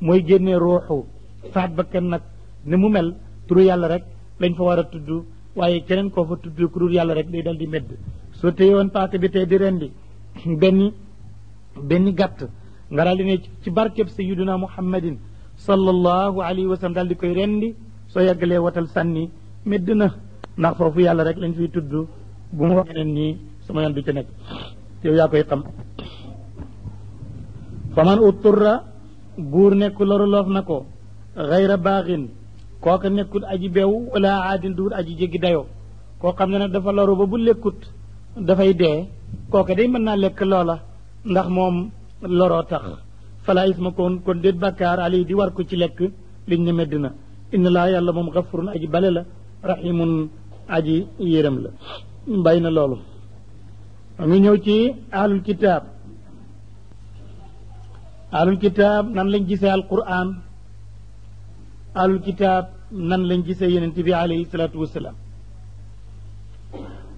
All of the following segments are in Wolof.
mooy génnee ruuxu faat kenn nag ni mu mel turu yàlla rek lañ fa war a tudd waaye keneen koo fa tudd ku yàlla rek day dal di medd soo téyewoon paaka bi tey di rendi benn benn gàtt nga daal di ne ci barkeb sayyiduna muhammadin sallallahu alayhi wa sallam daal di koy rendi soo yàggalee watal sànni medd na ndax foofu yàlla rek lañ fiy tudd bu mu waxee nii sama yoon du ci nekk yow yaa koy xam buur nekku loru loof na ko xayra baaxin kooka nekkul aji beew wala aadin duur aji jéggi dayoo koo xam ne nag dafa loru ba bu lekkut dafay dee kooka day mën naa lekk loola ndax moom loroo tax fala isma kon kon déet bàkkaar ali di war ko ci lekk liñ ne medd na inna laa yàlla moom xafurun aji bale la rahimun aji yéram la bàyyi na loolu ngi ñëw ci ahlul kitaab alul kitaab nan lañ gise gisee alquran alul kitaab nan lañ gisee yonent bi alayhi salaatu wasalaam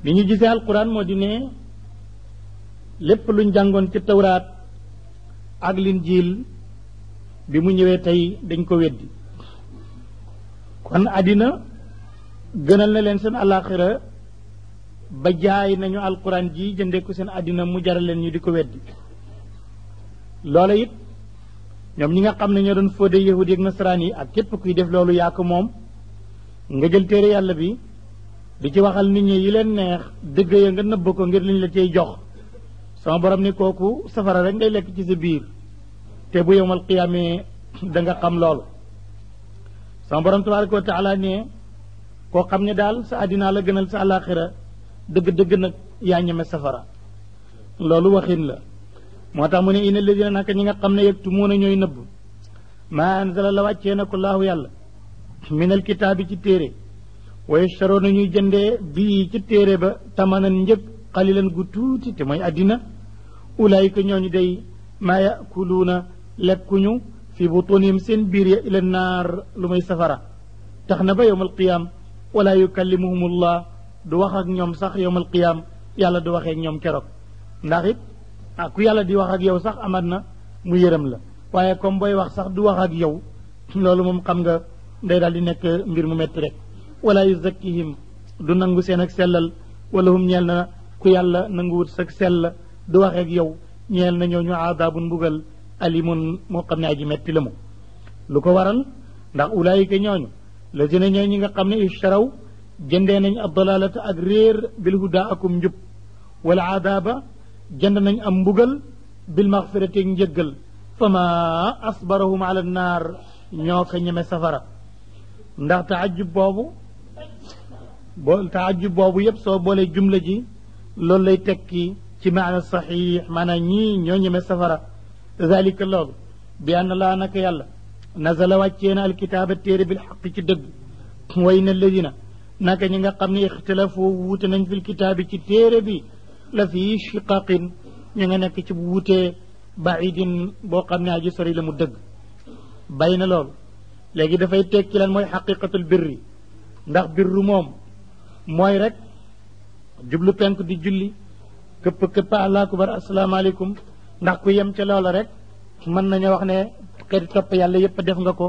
li ñu gisee alquran moo di ne lépp luñ jàngoon ci tawraat ak linjiil bi mu ñëwee tey dañ ko weddi kon àddina gënal na leen seen alaaxira ba jaay nañu alquran ji jëndee ko seen àddina mu jaral leen ñu di ko weddi lolé yit ñom ñi nga xamné ñoo doon fodé yahudi ak nasrani ak képp kuy def lolu yaa ko moom nga jël téré yalla bi di ci waxal nit ñi yi leen neex dëgg ya nga nëbb ko ngir liñ la cey jox sama borom ni koku safara rek ngay lekk ci sa biir te bu yowmal qiyamé da nga xam lolu sama borom tabaraka taala ne ko dal sa adina la gënal sa alakhirah dëgg-dëgg nak yaa ñeme safara lolu waxin la moo tax mu ne ina ladina naka ñi nga xam ne yëg tumuuna ñooy nëbb maa anzala la wàccee na ko laahu yàlla minal kitaabi ci téere waaye saroo na ñuy jëndee bii ci téere ba tamanan njëg xalilan gu tuuti te mooy àddina ulaayika ñooñu day maa yakuluuna lekkuñu fi butunihim seen biir ya ila naar lu may safara tax na ba yowmal qiyaam wala yukallimuhumullah du wax ak ñoom sax yowmal qiyaam yàlla du waxee ñoom keroog ndax ah ku yàlla di wax ak yow sax amaat na mu yërëm la waaye comme booy wax sax du wax ak yow loolu moom xam nga day daal di nekk mbir mu métti rek wala yuzakkihim du nangu seen ak sellal wala hum ñeel na ku yàlla nanguwut sak sell du wax ak yow ñeel na ñoo ñu aadaabun mbugal alimun moo xam ne aji metti la mu lu ko waral ndax ulaayika ñooñu la dina ñi nga xam ne ishtaraw jëndee nañ ad dalalata ak réer bil huda akum njub wala aadaaba جند نن ام بوغل بالمغفره نجيغل فما اصبرهم على النار نيوكا نيمي سفرا ندا تعجب بوبو بول تعجب بوبو ييب سو بولي جمله جي لول لي تيكي تي معنى صحيح معنى ني ньо نيمي سفرا ذلك لول بان الله نك يالا نزل واتينا الكتاب التير بالحق تي دغ وين الذين نك نيغا خامني اختلافو ووت نان في الكتاب تي تيري بي la fii shiqaqin ñu nga nekk ci bu wutee baidin boo xam ne aji sori la mu dëgg bay na loolu léegi dafay tekki lan mooy xaqiqatul birri ndax birru moom mooy rek jublu penk di julli këpp këpp allah akbar asalaamaaleykum ndax ku yem ca loola rek mën nañu wax ne xeeti topp yàlla yépp def nga ko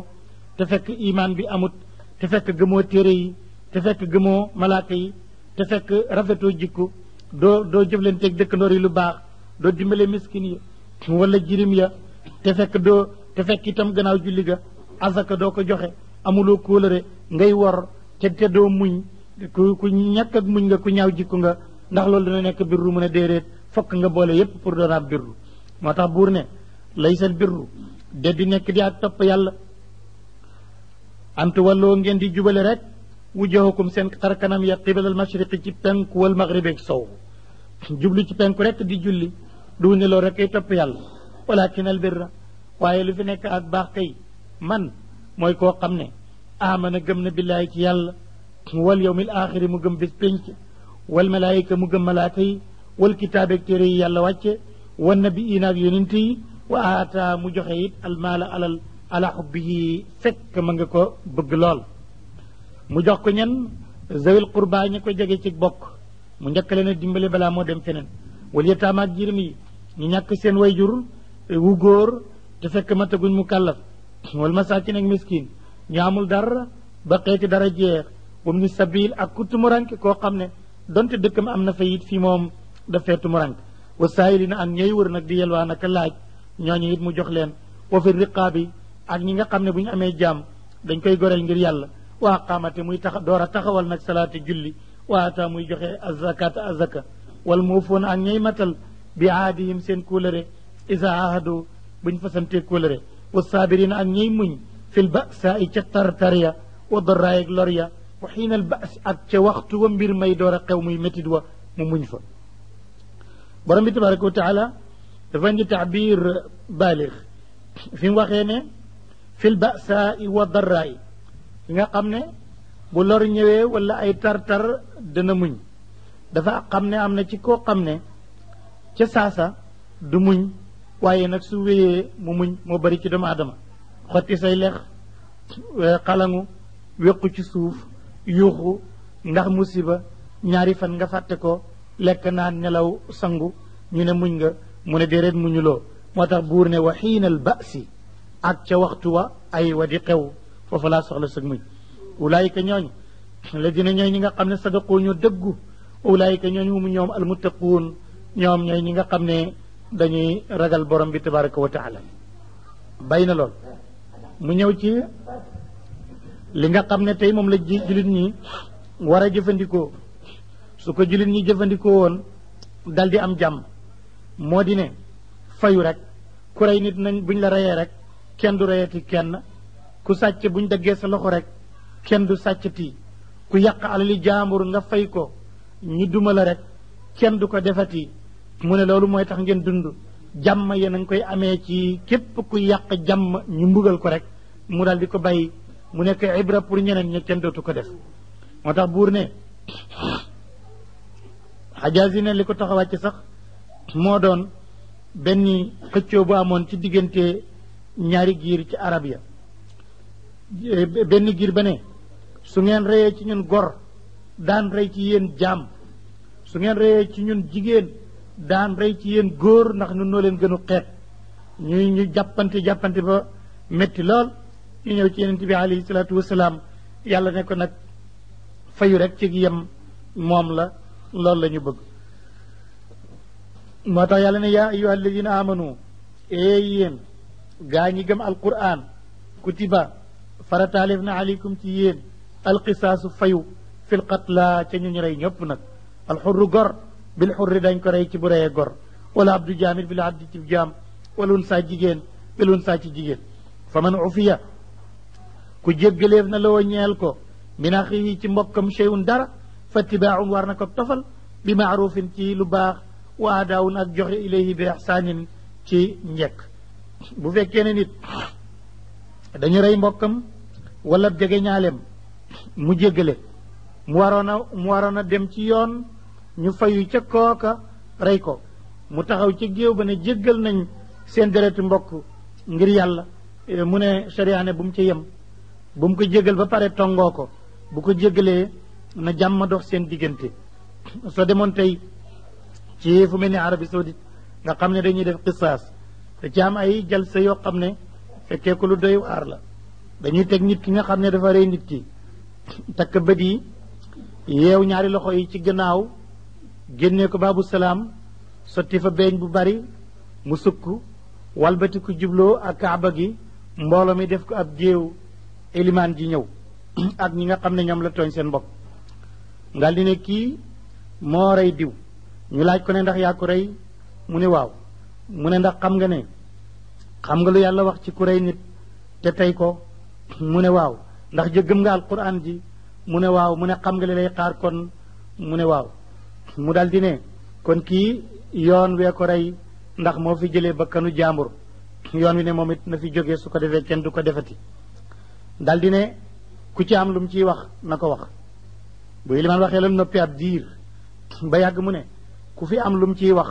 te fekk imaan bi amut te fekk gëmoo téere yi te fekk gëmoo malaaka yi te fekk rafetoo jikku doo doo jëflanteeg dëkkandoor yi lu baax doo dimbale miskin yi wala jirim ya te fekk doo te fekk itam gannaaw julli ga asaka doo ko joxe amuloo kóolëre ngay wor te te doo muñ ku ku ñàkk ak muñ nga ku ñaaw jikku nga ndax loolu dina nekk birru mën a déedéet fokk nga boole yépp pour doon ab birru moo tax buur ne lay seen birru de di nekk di ak topp yàlla antu walloo ngeen di jubale rek وجهكم سن كركنم يا قبل المشرق تبنك والمغرب يكسو جبلي تبنك رك دي جولي دون لو رك يتوب ولكن البر وايل في نك باقي من موي كو خمنه امن غمن بالله كي يال واليوم الاخر مو غم بس بنك والملائكه مو غم ملائكه والكتاب كيري يال واتي والنبيين يوننتي وآتا مجحيد المال على على حبه فك مانغكو بغلول mu jox ko ñen zawil qurba ña ko jege ci bokk mu njëkk leen a dimbale balaa moo dem feneen wal yataama ak jirim yi ñu ñàkk seen wayjur wu góor te fekk mataguñ mu kàllaf wal masaakin ak miskin ñu amul dara ba xeeti dara jeex wam ni sabil ak ku tumuranke koo xam ne donte dëkkam am na fa it fii moom daf fee tumuranke wa saayilina ak ñooy wër nag di yelwaa naka laaj ñooñu it mu jox leen wa fi yi ak ñi nga xam ne bu ñu amee jaam dañ koy gore ngir yàlla وقامت موي تخ دورا تخوال نك صلاه جولي واتا موي جخه الزكاه الزكاه والموفون ان ني متال بعادهم سين كولري اذا عهدوا بن فسنت كولري والصابرين ان ني موي في الباساء تترتريا والضراء لوريا وحين الباس ات وقت ومبير مي دورا قومي متدوا موي فا برم تبارك وتعالى فاني تعبير بالغ فين واخيني في الباساء والضرائي yi nga xam ne bu lor ñëwee walla ay tar-tar dana muñ dafa xam ne am na ci koo xam ne ca saasa du muñ waaye nag su wéyee mu muñ moo bari ci doomu aadama xotti say lex eh, xalangu wéqu ci suuf yuuxu ndax musiba ñaari fan nga fàtte ko lekk naa nelaw sangu ñu ne muñ nga mu ne déedéet muñuloo moo tax buur ne wa xiinal basi ak ca waxtu wa ay wa di xew foofu laa soxla sëg muñ ulaayika ñooñu la dina ñooy ñi nga xam ne sadaqoo ñoo dëggu ulaayika ñooñu mu ñoom almuttaquun ñoom ñooy ñi nga xam ne dañuy ragal borom bi tabaraka wa taala bay na lool mu ñëw ci li nga xam ne tey moom la julit ñi war a jëfandikoo su ko julit ñi jëfandikoo woon dal di am jàmm moo di ne fayu rek ku rey nit nañ buñ la reyee rek kenn du reyati kenn ku sàcc bu buñ daggee sa loxo rek kenn du sàccati ku yàq alali jaambur nga fay ko ñu duma la rek kenn du ko defati mu ne loolu mooy tax ngeen dund jàmm yéen a koy amee ci képp ku yàq jàmm ñu mbugal ko rek mu daal di ko bàyyi mu nekk ibra pour ñeneen ñi kenn dootu ko def moo tax buur ne xajaas yi ne li ko tax a sax moo doon benn xëccoo bu amoon ci diggante ñaari giir ci arab ya Eh, benn giir ba ne su ngeen reyee ci ñun gor daan rey ci yéen jàmm su ngeen reyee ci ñun jigéen daan rey ci yéen góor ndax ñun noo leen gënu xeet ñuy ñu jàppante jàppante ba metti lool ñu ñëw ci yonent bi alayhi salaatu wasalaam yàlla ne ko nag fayu rek ci yem moom la loolu lañu bëgg moo tax yàlla ne yaa ayyuha alladina amanu ee yéen gaa ñi gëm alquran kutiba فرتالف عليكم تيين القصاص فيو في القتلى تنين ري نيوب الحر غر بالحر دا نكو ري تي غر ولا عبد جامر بالعبد تي جام ولون سا جيجين بلون سا جيجين فمن عفيا كو جيغليف نا لو نيال كو من اخي تي مبكم شيء دار فاتباع ورنكو الطفل بمعروف تي لباخ وعداونا جوخي اليه باحسان تي نيك بو فكينا نيت dañu rey mbokkam wala jege ñaaleem mu jéggale mu waroon a mu waroon a dem ci yoon ñu fayu ca kooka rey ko mu taxaw ca géew ba ne jéggal nañ seen deretu mbokk ngir yàlla eh, mu ne sariyaane bu mu ca yem bu mu ko jéggal ba pare tongoo ko bu ko jéggalee na jàmm dox seen diggante soo demoon tey ci fu mel ni Arabie Saoudite nga xam ne dañuy def qisaas te ci am ay jalsa yoo xam ne fekkee ko lu doy waar la dañuy teg nit ki nga xam ne dafa rey nit ki takk bët yi yeew ñaari loxo yi ci gannaaw génnee ko baabu salaam sotti fa beeñ bu bari mu sukk walbati ku jubloo ak kaaba gi mbooloo mi def ko ab géew elimaan ji ñëw ak ñi nga xam ne ñoom la tooñ seen bopp ngal di ne kii moo rey diw ñu laaj ko ne ndax yaa ko rey mu ne waaw mu ne ndax xam nga ne xam nga lu yàlla wax ci ku rey nit te tey ko mu ne waaw ndax jëggëm nga alquran ji mu ne waaw mu ne xam nga li lay xaar kon mu ne waaw mu daal di ne kon kii yoon wee ko rey ndax moo fi jëlee bakkanu jaambur yoon wi ne moom it na fi jógee su ko defee kenn du ko defati daal di ne ku ci am lu mu ciy wax na ko wax bu ilimaan waxee lam noppi ab diir ba yàgg mu ne ku fi am lu mu ciy wax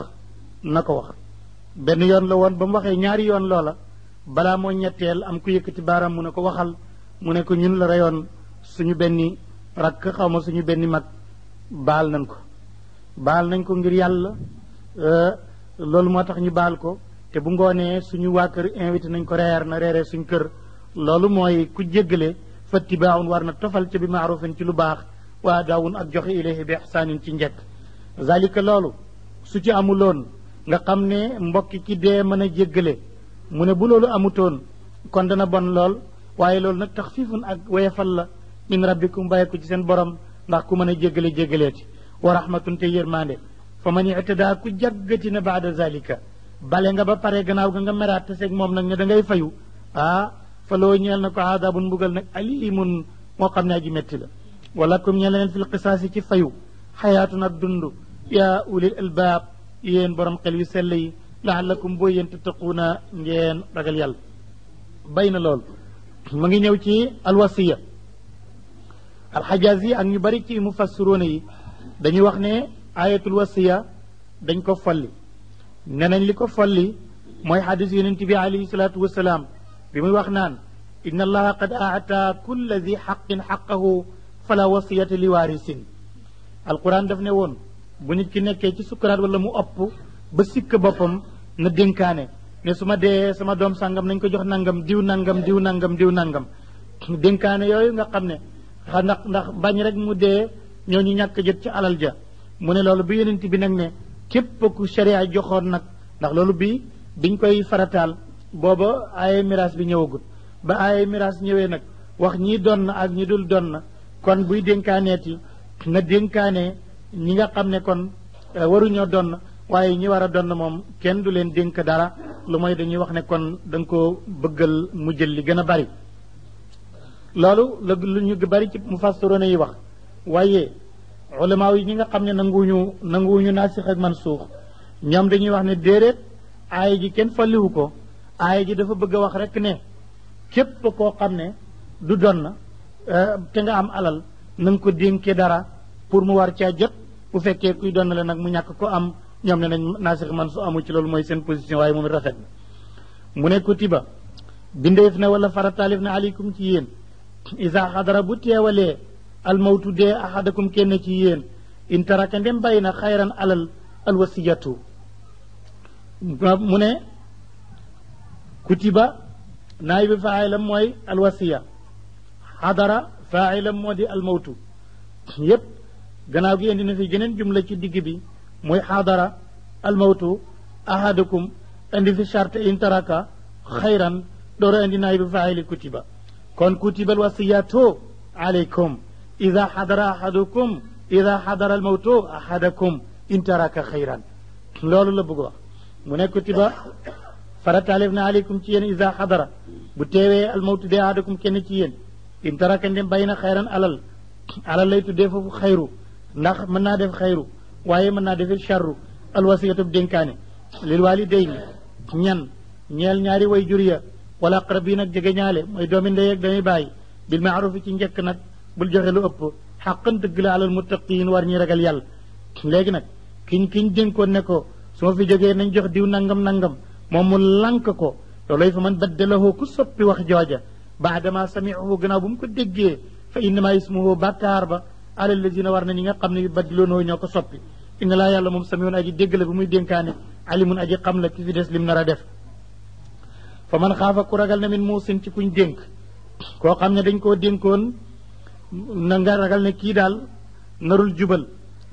na ko wax benn yoon la woon ba mu waxee ñaari yoon loola balaa moo ñetteel am ku yëkkati baaraam mu ne ko waxal mu ne ko ñun la reyoon suñu benn rakk xaw ma suñu benni mag baal nañ ko baal nañ ko ngir yàlla euh, loolu moo tax ñu baal ko te bu ngoonee suñu waa kër invité nañ ko reer na reeree suñu kër loolu mooy ku jéggale fatti baawun war na tofal ci bi maarufin ci lu baax waa daawun ak joxe ilayhi bi ihsaanin ci njëkk zalika loolu su ci amuloon nga xam ne mbokki ci dee mën a jéggale mu ne bu loolu amutoon kon dana bon lool waaye loolu nag taxfiifun ak wayefal la min rabbikum bàyyi ku ci seen borom ndax ku mën a jéggale jéggaleeti wa rahmatun te yërmande fa man ictadaa ku jaggati na baada zalika bale nga ba pare gannaaw ga nga meraat te seeg moom nag ne da ngay fayu ah fa loo ñeel na ko aadaabun mbugal nag alimun moo xam ne aji metti la walakum ñeel leen fil qisaasi ci fayu xayaatun ak yéen borom xel yu sell yi laxalakum boo yéen tattaquuna ngeen ragal yàlla bay na lool mu ngi ñëw ci alwasiya alxajaas yi ak ñu bari ci mufassiroona yi dañuy wax ne ayatul wasiya dañ ko folli ne nañ li ko folli mooy xadis yonent bi alayhi salaatu wasalaam bi muy wax naan inna allaha qad aataa kulla di xaqin xaqahu fala wasiyata li waarisin alquran daf ne woon bu nit ki nekkee ci sukkaraat wala mu opp ba sikk boppam na dénkaane ne su ma sama dom sàngam nañ ko jox nangam diw nangam diw nangam diw nangam dénkaane yooyu nga xam ne xa ndax ndax bañ rek mu dee ñoo ñu ñàkk jot ci alal ja mu ne loolu bi yonent bi nag ne képp ku sharia joxoon nag ndax loolu bi biñ koy farataal booba ay miraas bi ñëwagul ba ay ñëwee nag wax ñi doon na ak ñi dul doon na kon buy dénkaaneeti na dénkaanee ñi nga xam ne kon euh, waruñoo donn waaye ñi war a donn moom kenn du leen dénk dara lu mooy dañuy wax ne kon danga nga koo bëggal mu jël li gën a bari loolu la lu ñu bari ci mu mufassiroon yi wax waaye ulamaaw yi ñi nga xam ne nanguwuñu nanguwuñu naasix ak mansuux ñoom dañuy wax ne déedéet aaya ji kenn fàlliwu ko aaya ji dafa bëgg a wax rek ne képp koo xam ne du donn euh, te nga am alal na ko dénkee dara pour mu war ci jot bu fekkee kuy doon la nag mu ñàkk ko am ñoom ne nañ naasix man su amul ci loolu mooy seen position waaye moom rafet na mu ne kutiba bindeef na wala farataalif na alaykum ci yéen isa xadara bu teewalee almawtu dee ahadakum kenn ci yéen in taraka ndem bàyyi na xayran alal alwasiyatu mu ne kutiba naay bi moy mooy alwasiya xadara faailam moo di almawtu yépp gannaaw gi indi na fi geneen jumla ci digg bi muy xaadara almawtu ahadukum indi fi charte taraka xayran doora indi naay bi faayili kutiba kon kutiba alwasiyatu alaykum ida xadara ahadukum ida xadara almawtu ahadakum taraka xayran loolu la bëgg wax mu ne kutiba farataalif na alaykum ci yéen ida xadara bu teewee almawtu de ahadukum kenn ci yéen taraka ndem bàyyi na xayran alal alal lay tuddee foofu xayru ndax man naa def xayru waaye mën naa defit charru alwasiyatub dénkaane lil waalidayni ñan ñeel ñaari way jur ya wala aqrab yi nag jege ñaale mooy doomi ndey ak bay bàyyi bil maaruf ci njëkk nag bul joxe lu ëpp xaqan dëgg la alal muttaqiin war ñi ragal yàlla léegi nag kiñ kiñ dénkoon ko su ma fi jógee nañ jox diw nangam nangam moom mu lànk ko loolooy fa man baddalahu ku soppi wax jooja baadama samiahu gannaaw bu mu ko déggee fa innama ismuhu bàkkaar ba alal lazina war na ñi nga xam ne baddiloonoo ñoo soppi inna la yalla mom aji deggal bu muy denkané alimun aji xam la ci fi dess lim nar def fa man xaafa ku ragal na min musin ci kuñ denk ko xamne dañ ko denkon na nga ragal ne ki dal narul jubal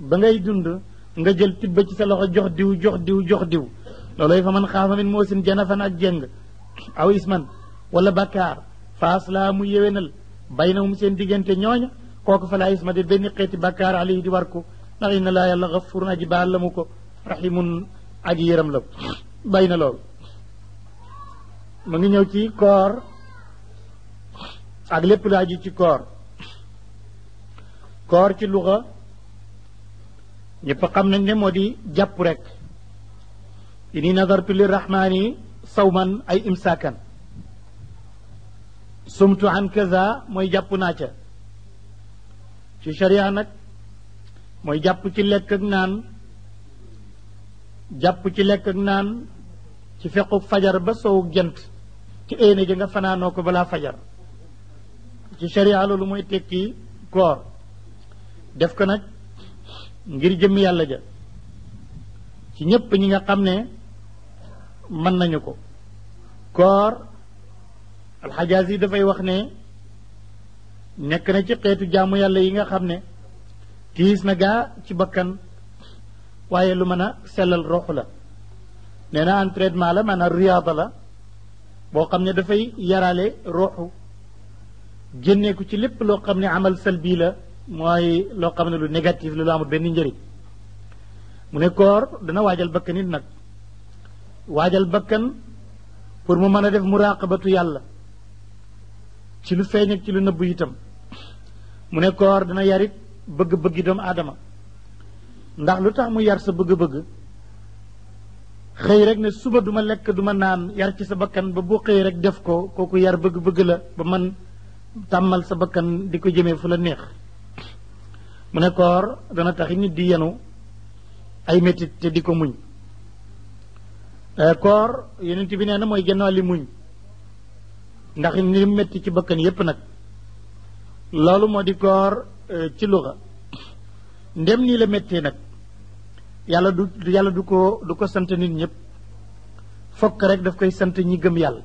ba ngay dund nga jël tibba ci sa loxo jox diw jox diw jox diw lolay fa man min musin janafan ak jeng aw isman wala bakar, fa aslamu yewenal yéwénal sen na ñoña kooku fa laa isma de benn xeeti bàkkaar alayhi di war ko ndax inna laa yàlla aji baal la mu ko rahimun aji yëram la bay na loolu mu ngi ñëw ci koor ak lépp lu aju ci koor koor ci luxa ñëpp xam nañ ne moo di jàpp rek ini nadartu li rahmaani sawman ay imsaakan sumtu an kaza mooy jàpp naa ca ci sharia nag mooy jàpp ci lekk ak naan jàpp ci lekk ak naan ci fequ fajar ba sowu jant ci éene ji nga fanaanoo ko balaa fajar ci sharia loolu mooy tekki koor def ko nag ngir jëm yàlla ja ci ñépp ñi nga xam ne mën nañu ko koor alxajaas yi dafay wax ne nekk na ci xeetu jaamu yàlla yi nga xam ne tiis na gaa ci bakkan waaye lu mën a sellal rox la nee na entraînement la maanaam riyaada la boo xam ne dafay yarale roxu génneeku ci lépp loo xam ne amal bii la mooy loo xam ne lu négatif la lu amul benn njëriñ mu ne koor dana waajal bakkan it nag waajal bakkan pour mu mën a def muraqabatu yàlla ci lu feeñ ak ci lu nëbb itam mu ne koor dina yarit bëgg-bëggi doom aadama ndax lu tax mu yar sa bëgg-bëgg xëy rek ne suba duma lekk duma naan yar ci sa bakkan ba bu xëy rek def ko kooku yar bëgg-bëgg la ba man tàmmal sa bakkan di ko jëmee fu la neex mu ne koor dana tax nit di yenu ay métit te di ko muñ eh, koor yonent bi nee na mooy gennaali muñ ndax ni metti ci bakkan yépp nag loolu moo di koor euh, ci luxa ndem nii la méttee nag yàlla du yàlla du ko du ko sant nit ñëpp fokk rek daf koy sant ñi gëm yàlla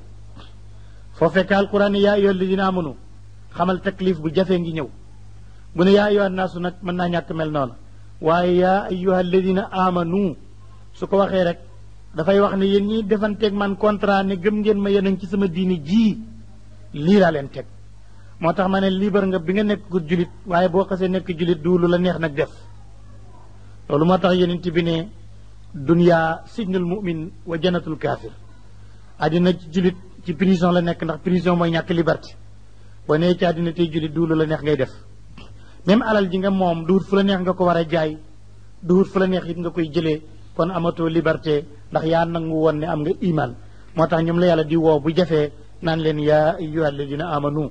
foo fekk alquran yaa ayyuha alladina amanu xamal taklif bu jafee ngi ñëw bu ne yaa ayyuha naasu nag mën naa ñàkk mel noonu waaye yaa ayyuha alladina amanu su ko waxee rek dafay wax ne yéen ñi defanteeg man contrat ne gëm ngeen ma yéen ci sama diini jii lii laa leen teg motax mané liber libre nga bi nga nek gu julit waye bo xasse nek julit du lu la neex nak def lolou motax yenen yenent bi ne dunya sijnul mu'min wa janatul kafir adina ci julit ci prison la nek ndax prison moy ñak liberté bo nee ci adina tay julit du lu la neex ngay def même alal ji nga mom duur fu la neex nga ko wara jaay duur fu la neex it nga koy jëlé kon amato liberté ndax ya nangu won ne am nga iman motax ñum la yalla di wo bu jafé nan len ya amanu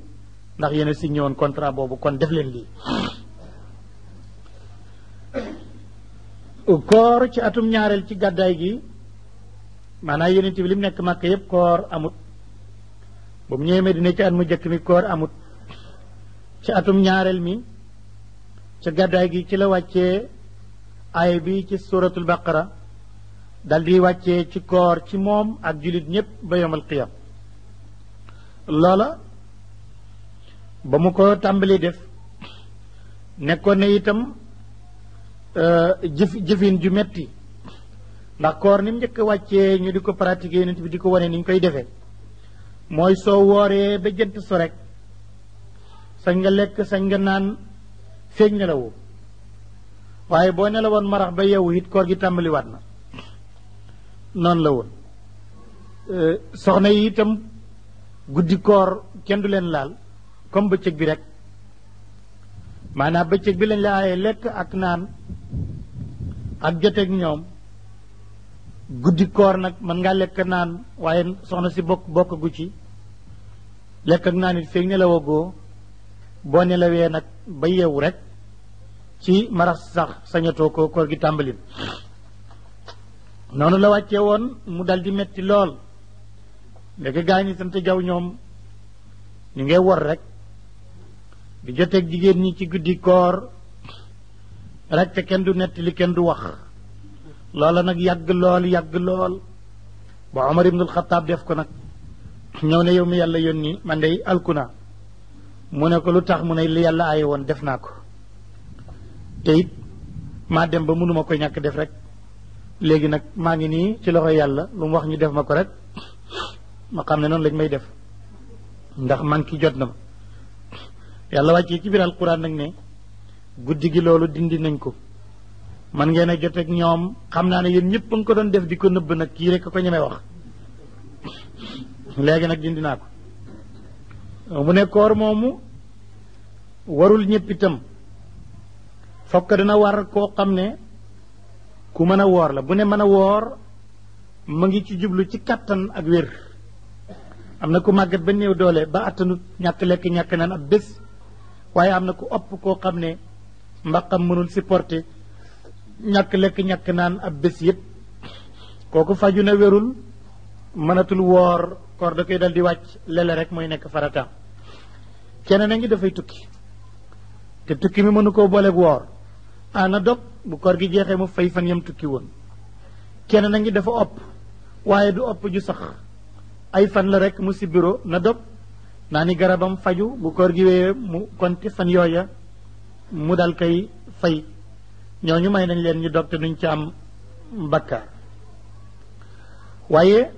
ndax yéen si signé woon boobu kon def leen lii koor ci atum ñaareel ci gàddaay gi maanaam yonent bi li nekk màkk yépp koor amut bu mu ñëwee Medina ci at mu jëkk mi koor amut ci atum ñaareel mi ci gàddaay gi ci la wàcce aay bi ci suratul baqara dal di wàccee ci koor ci moom ak jullit ñépp ba qiyam loola ba mu ko tàmbali def nekkoon na itam euh, jëf jëfin ju metti ndax koor ni mu njëkk a wàccee ñu di ko pratiquer yonent bi di ko wane ni ñu koy defee mooy soo wooree ba jënt so rek sañ nga lekk sañ nga naan feeñ nelawoo waaye boo nelawoon marax ba yeewu it koor gi tàmbaliwaat na noon la woon euh, soxna yi itam guddi koor kenn du leen laal comme bëccëg bi rek maanaam bëccëg bi lañ la aaye lekk ak naan ak joteeg ñoom guddi koor nag man ngaa lekk naan waaye soxna si bokk bokk gu ci lekk ak naan it feeg ne la wogoo boo ne la wee nag ba yeewu rek ci maras sax sañatoo ko koor gi tàmbalin noonu la wàccee woon mu dal di metti lool léegi gaa ñi sant jaw ñoom ni ngay wor rek du joteeg jigéen ñi ci guddi koor rek te kenn du nett li kenn du wax loola nag yàgg lool yàgg lool ba Omar ibnul Xataab def ko nag ñëw ne yow mi yàlla yoon yónni man dey alkuna mu ne ko lu tax mu ne li yàlla aaye woon def naa ko te it maa dem ba mënuma ko ñàkk def rek léegi nag maa ngi nii ci loxo yàlla lu mu wax ñu def ma ko rek ma xam ne noonu lañ may def ndax man ki jot na ma yàlla wàccee ci biir alquran nag ne guddi gi loolu dindi nañ ko man ngeen a jot ak ñoom xam naa ne yéen ñëpp a nga ko doon def di ko nëbb na kii rek ko ñemee wax léegi nag dindi naa ko bu ne koor moomu warul ñëpp itam fokk dana war koo xam ne ku mën a woor la bu ne mën a woor mu ngi ci jublu ci kàttan ak wér am na ku màgget ba néew doole ba attanut ñàkk lekk ñàkk naan ab bés waye amna ko op ko xamne mbakam ne mënul supporter ñak lek ñak naan ab bes yeb koku faju na wérul manatul wor kor da koy dal di lele rek moy nek farata keneen a ngi fay tukki te tukki mi mënu ana dop bu kor gi jexé mu fay fan yam tukki won keneen ngi dafa op waye du op ju sax ay fan la rek mu na dop nani garabam faju bu koor gi wéyee mu konti fan yooya mu dal kay fay ñooñu may nañ leen ñu dog te duñ ci am bakkaar waaye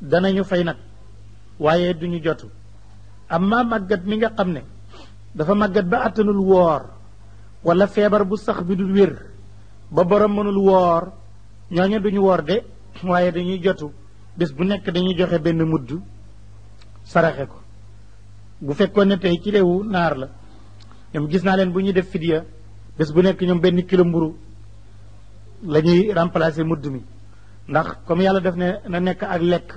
danañu fay nag waaye duñu jotu amma màggat mi nga xam ne dafa màggat ba àttanul woor wala feebar bu sax bi du wér ba borom mënul woor ñooñu duñu woor de waaye dañuy jotu bés bu nekk dañuy joxe benn mudd saraxe ko bu fekkoon ne tey ci réewu naar la ñoom gis naa leen bu ñuy def fidiya bés bu nekk ñoom benn kilo mburu lañuy ñuy remplacer mudd mi ndax comme yàlla def ne na nekk ak lekk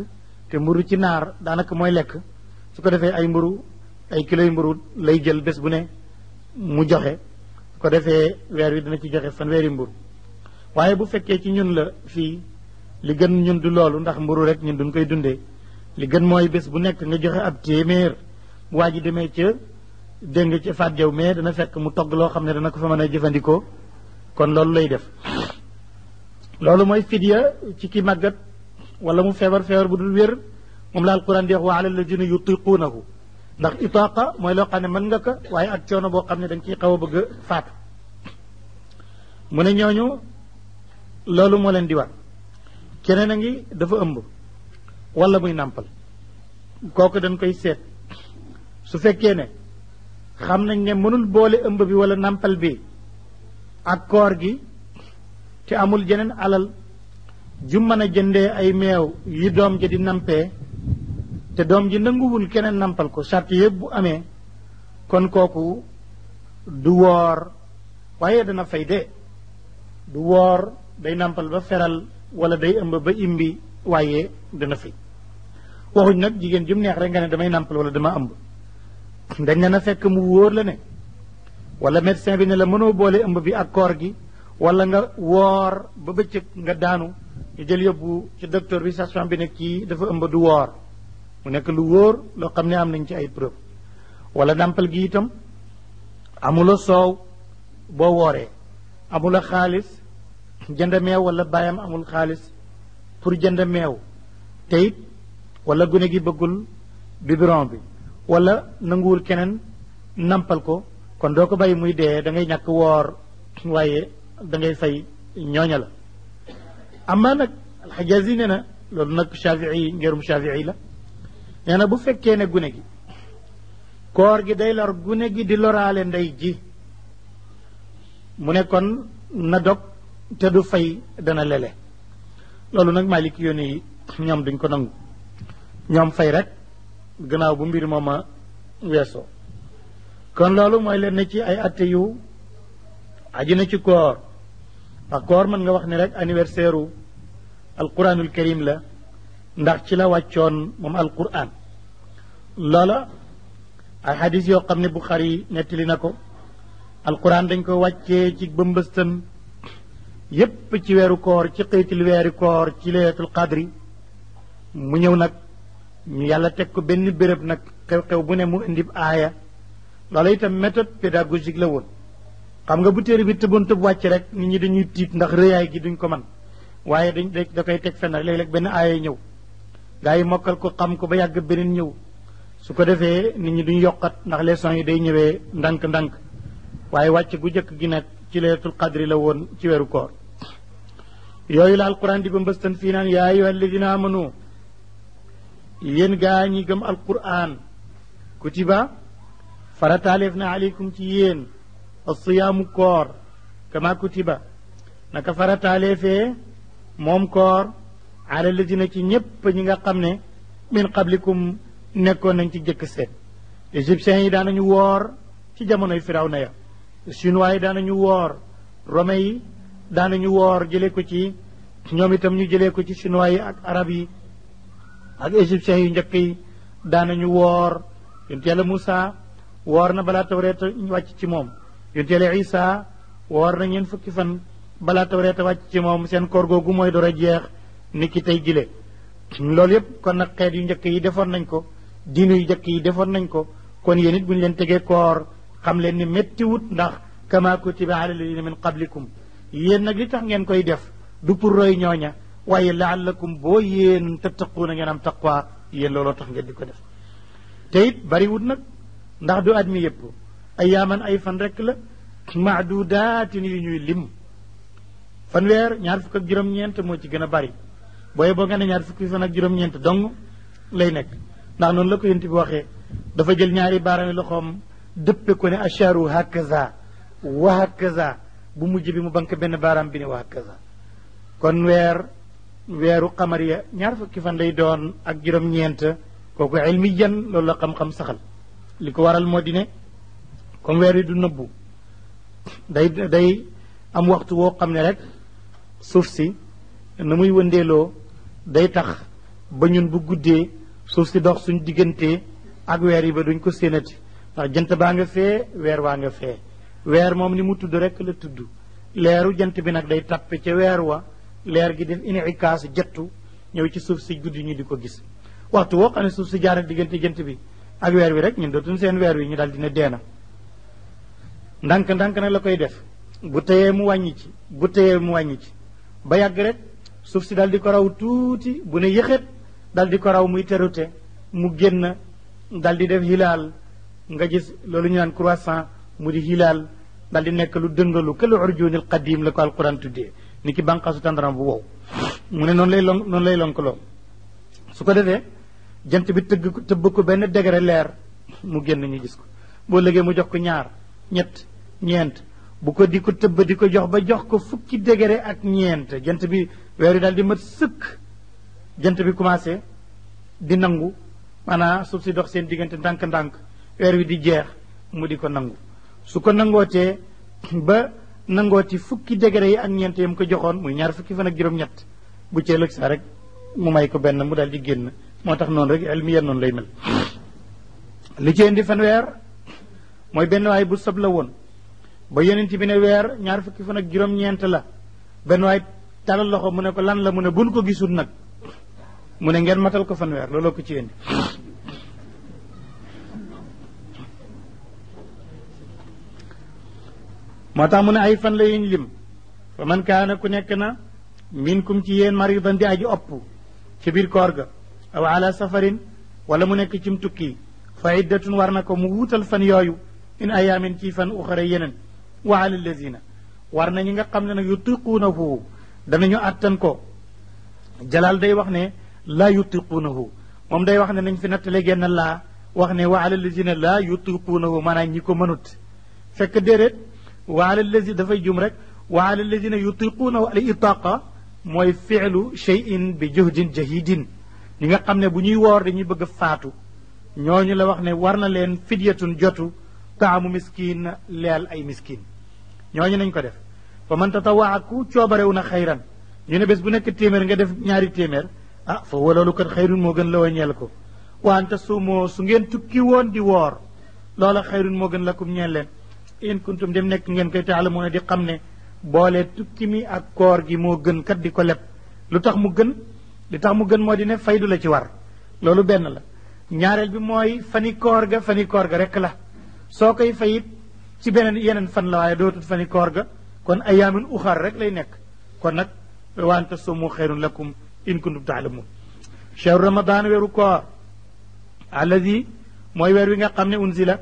te mburu ci naar daanaka mooy lekk su ko defee ay mburu ay kiloy mburu lay jël bés bu ne mu joxe su ko defee weer wi dina ci joxe fanweeri mburu waaye bu fekkee ci ñun la fii li gën ñun du loolu ndax mburu rek ñun duñ koy dundee li gën mooy bés bu nekk nga joxe ab téeméer bu waa ji demee ca dégg nga ca faat jaw mais dana fekk mu togg loo xam ne dana ko fa mën a jëfandikoo kon loolu lay def loolu mooy fidya ci ki màggat wala mu feebar feebar bu dul wér moom la alquran di wax wa ala alladina yutiquunahu ndax itaaqa mooy loo xam ne mën nga ko waaye ak coono boo xam ne dañ ciy xaw a bëgg a faatu mu ne ñooñu loolu moo leen di war keneen a ngi dafa ëmb walla muy nàmpal kooku dañ koy seet su fekkee ne xam nañ ne mënul boole ëmb bi wala nampal bi ak koor gi te amul jeneen alal ju mën a jëndee ay meew yi doom ji di nampee te doom ji nanguwul keneen nampal ko chart yëpp bu amee kon kooku du woor waaye dana fay de du woor day nampal ba feral wala day ëmb ba imbi waaye dana fay waxuñ nag jigéen jum neex rek nga ne damay nampal wala dama ëmb dañ ne na fekk mu wóor la ne wala médecin bi ne la mënoo boole ëmb bi ak koor gi wala nga woor ba bëccëg nga daanu ñu jël yóbbu ci docteur bi sage bi ne kii dafa ëmb du woor mu nekk lu wóor loo xam ne am nañ ci ay preuve wala dàmpal gi itam amula soow boo wooree amula xaalis jënd meew wala baayam amul xaalis pour jënd meew te it wala gune gi bëggul biberon bi wala nanguwul keneen nampal ko kon doo ko bàyyi muy dee dangay ngay ñàkk woor waaye da fay ñooña la amaa nag alxajaas yi na loolu nag shafii ngeerum shafii la nee na bu fekkee ne gune gi koor gi day lor gune gi di loraale ndey ji mu ne kon na dog te du fay dana lele loolu nag maalik yoon yi ñoom duñ ko nangu ñoom fay rek gannaaw bu mbir mooma weesoo kon loolu mooy leen na ci ay atte yu aji na ci koor ndax koor mën nga wax ne rek anniversaire u alquranul karim la ndax ci la wàccoon moom alquran loola ay xadis yoo xam ne Buxari nettali na ko alquran dañ ko wàccee ci bëmbëstan yépp ci weeru koor ci xëytil weeri koor ci leetul qadri mu ñëw nag yàlla teg ko benn béréb nag xew-xew bu ne mu indi aaya loola itam méthode pédagogique la woon xam nga bu téere bi tëboon tëb wàcc rek nit ñi dañuy tiit ndax rëyaay gi duñ ko man waaye dañ da koy teg fenn léeg-léeg benn aaya ñëw gaa yi mokkal ko xam ko ba yàgg beneen ñëw su ko defee nit ñi duñ yokkat ndax yi day ñëwee ndànk-ndànk waaye wàcc gu njëkk gi nag ci leetul la woon ci weeru koor yooyu la alquran di ba mbëstan fii naan yaa amanu yéen gaa ñi gëm alquran kutiba farataaleef na aleykum ci yéen asiyaamu koor kama kutiba naka farataaleefee moom koor ala ladina ci ñépp ñi nga xam ne min qablikum nekkoon nañ ci jëkk seen égyptiens yi daanañu woor ci jamonoy firawna ya chinois yi daanañu woor romains yi daanañu woor jëlee ko ci ñoom itam ñu jëlee ko ci chinois yi ak arab yi ak égyptiens yu njëkk yi daanañu woor yonent yàlla woor na balaa tawreet wàcc ci moom yonent yàlla Isa woor na ñeen fukki fan balaa tawreet wàcc ci moom seen koor googu mooy door a jeex ki tey jile loolu yëpp kon nag xeet yu njëkk yi defoon nañ ko diinu yu njëkk yi defoon nañ ko kon yéen bu ñu leen tegee koor xam leen ni métti wut ndax kama kutiba ala alladina min qablikum yéen nag li tax ngeen koy def du pour roy ñooña waaye laal la laallakum boo te tattaquuna ngeen am taqwa yéen looloo tax ngeen di ko def te it bariwut nag ndax du at mi yëpp ayaaman ay fan rek la maadudaatin yu ñuy lim fanweer ñaar fukk ak juróom-ñeent moo ci gën a bari booye boo nga ne ñaar fukki fan ak juróom-ñeent dong lay nekk ndax noonu la ko yént bi waxee dafa jël ñaari baaraami loxoom dëppe ko ne asharu hakaza wa hakaza bu mujj bi mu bank benn baaraam bi ne wa hakaza kon weer weeru xamariya ñaar fukki fan lay doon ak juróom-ñeent kooku jan loolu la xam-xam saxal li ko waral moo di ne comme weer wi du nëbbu day day am waxtu woo xam ne rek suuf si na muy wëndeeloo day tax ba ñun bu guddee suuf si dox suñ diggante ak weer yi ba duñ ko séenati ndax jant baa nga fee weer waa nga fee weer moom ni mu tudd rekk la tudd leeru jant bi nag day tàppe ca weer wa leer gi def inikaas jëttu ñëw ci suuf si guddi ñu di ko gis waxtu woo xam ne suuf si jaar ak diggante jënt bi ak weer wi rek ñun dootuñ seen weer wi ñu daal dina deena ndànk ndànk nag la koy def bu teyee mu wàññi ci bu teyee mu wàññi ci ba yàgg rek suuf si daal di ko raw tuuti bu ne yëxet daal di ko raw muy terute mu génn daal di def hilaal nga gis loolu ñu naan croissant mu di hilaal daal di nekk lu dëngalu këlu urjuunil qadim la ko alquran tuddee niki ki bànqaasu tàndaram bu wow mune non lay lon non lay lonkaloo su ko defé jant bi tëgg tëbb ko ben degré lèr mu genn ñu gis ko bo legge mu jox ko ñaar ñet ñent bu ko di ko diko jox ba jox ko fukki degré ak ñent jant bi wéru yi di mat mana jant bi commencé di nangu mana suuf si dox seen digënté ndànk wéru di jeex mu diko nangu su ko nangoté ba nangooti fukki degré yi ak ñeent yam ko joxoon muy ñaar fukki fan ak juróom-ñett bu cee lëg saa rek mu may ko benn mu dal di génn moo tax noonu rek elmiya noonu lay mel li ci indi fan mooy benn waay bu sob la woon ba yonent bi ne weer ñaar fukki fan ak juróom-ñeent la benn waay talal loxo mu ne ko lan la mu ne buñ ko gisul nag mu ne ngeen matal ko fanweer weer looloo ko ci indi moo mu ne ay fan la yuñ lim fa man kana ku nek na min kum ci yéen maridan di aji op ci bir koor ga aw ala safarin wala mu nekk cim tukki fa iddatun warna ko mu wutal fan yoyu in ayamin ci fan uxara yenen wa ala allazina warna ñi nga xam ne nag yutiquunahu danañu attan ko jalal day wax ne laa yutiquunahu mom day wax ne nañ fi natale genn la wax ne wa ala lazina laa yutiquunahu maanaam ñi ko manut fekk déedéet وعلى الذي دفي جمرك وعلى الذين يطيقون الإطاقة موي فعل شيء بجهد جهيد نيغا خامني بو نيي وور دي بغ فاتو ньо ญ و لا واخني وارنا لين فديتون جوتو طعام مسكين ليل اي مسكين ньо ญ و نانكو ديف فمن تتوعا كو تشوبريونا خيرا ني ن بس بو نيك تيمر nga def ñaari témèr ah fo wolalu kan khairun mo gën la way ñel ko wa anta sumo su ngeen tukki won di wor lola khairun in kuntum mu nekk ngeen koy taalamuuna di xam ne boole tukki mi ak koor gi moo gën kat di ko leb lu tax mu gën li tax mu gën moo di ne faydu la ci war loolu benn la ñaareel bi mooy fani koor ga fani koor ga rek la soo koy fayit ci beneen yeneen fan la waaye dootul fani koor ga kon ayaamin uxaar rek lay nekk kon nag wante sumu xeyrun lakum in kuntum taalamun chehru ramadan weeru koor alladi mooy weer wi nga xam ne unzila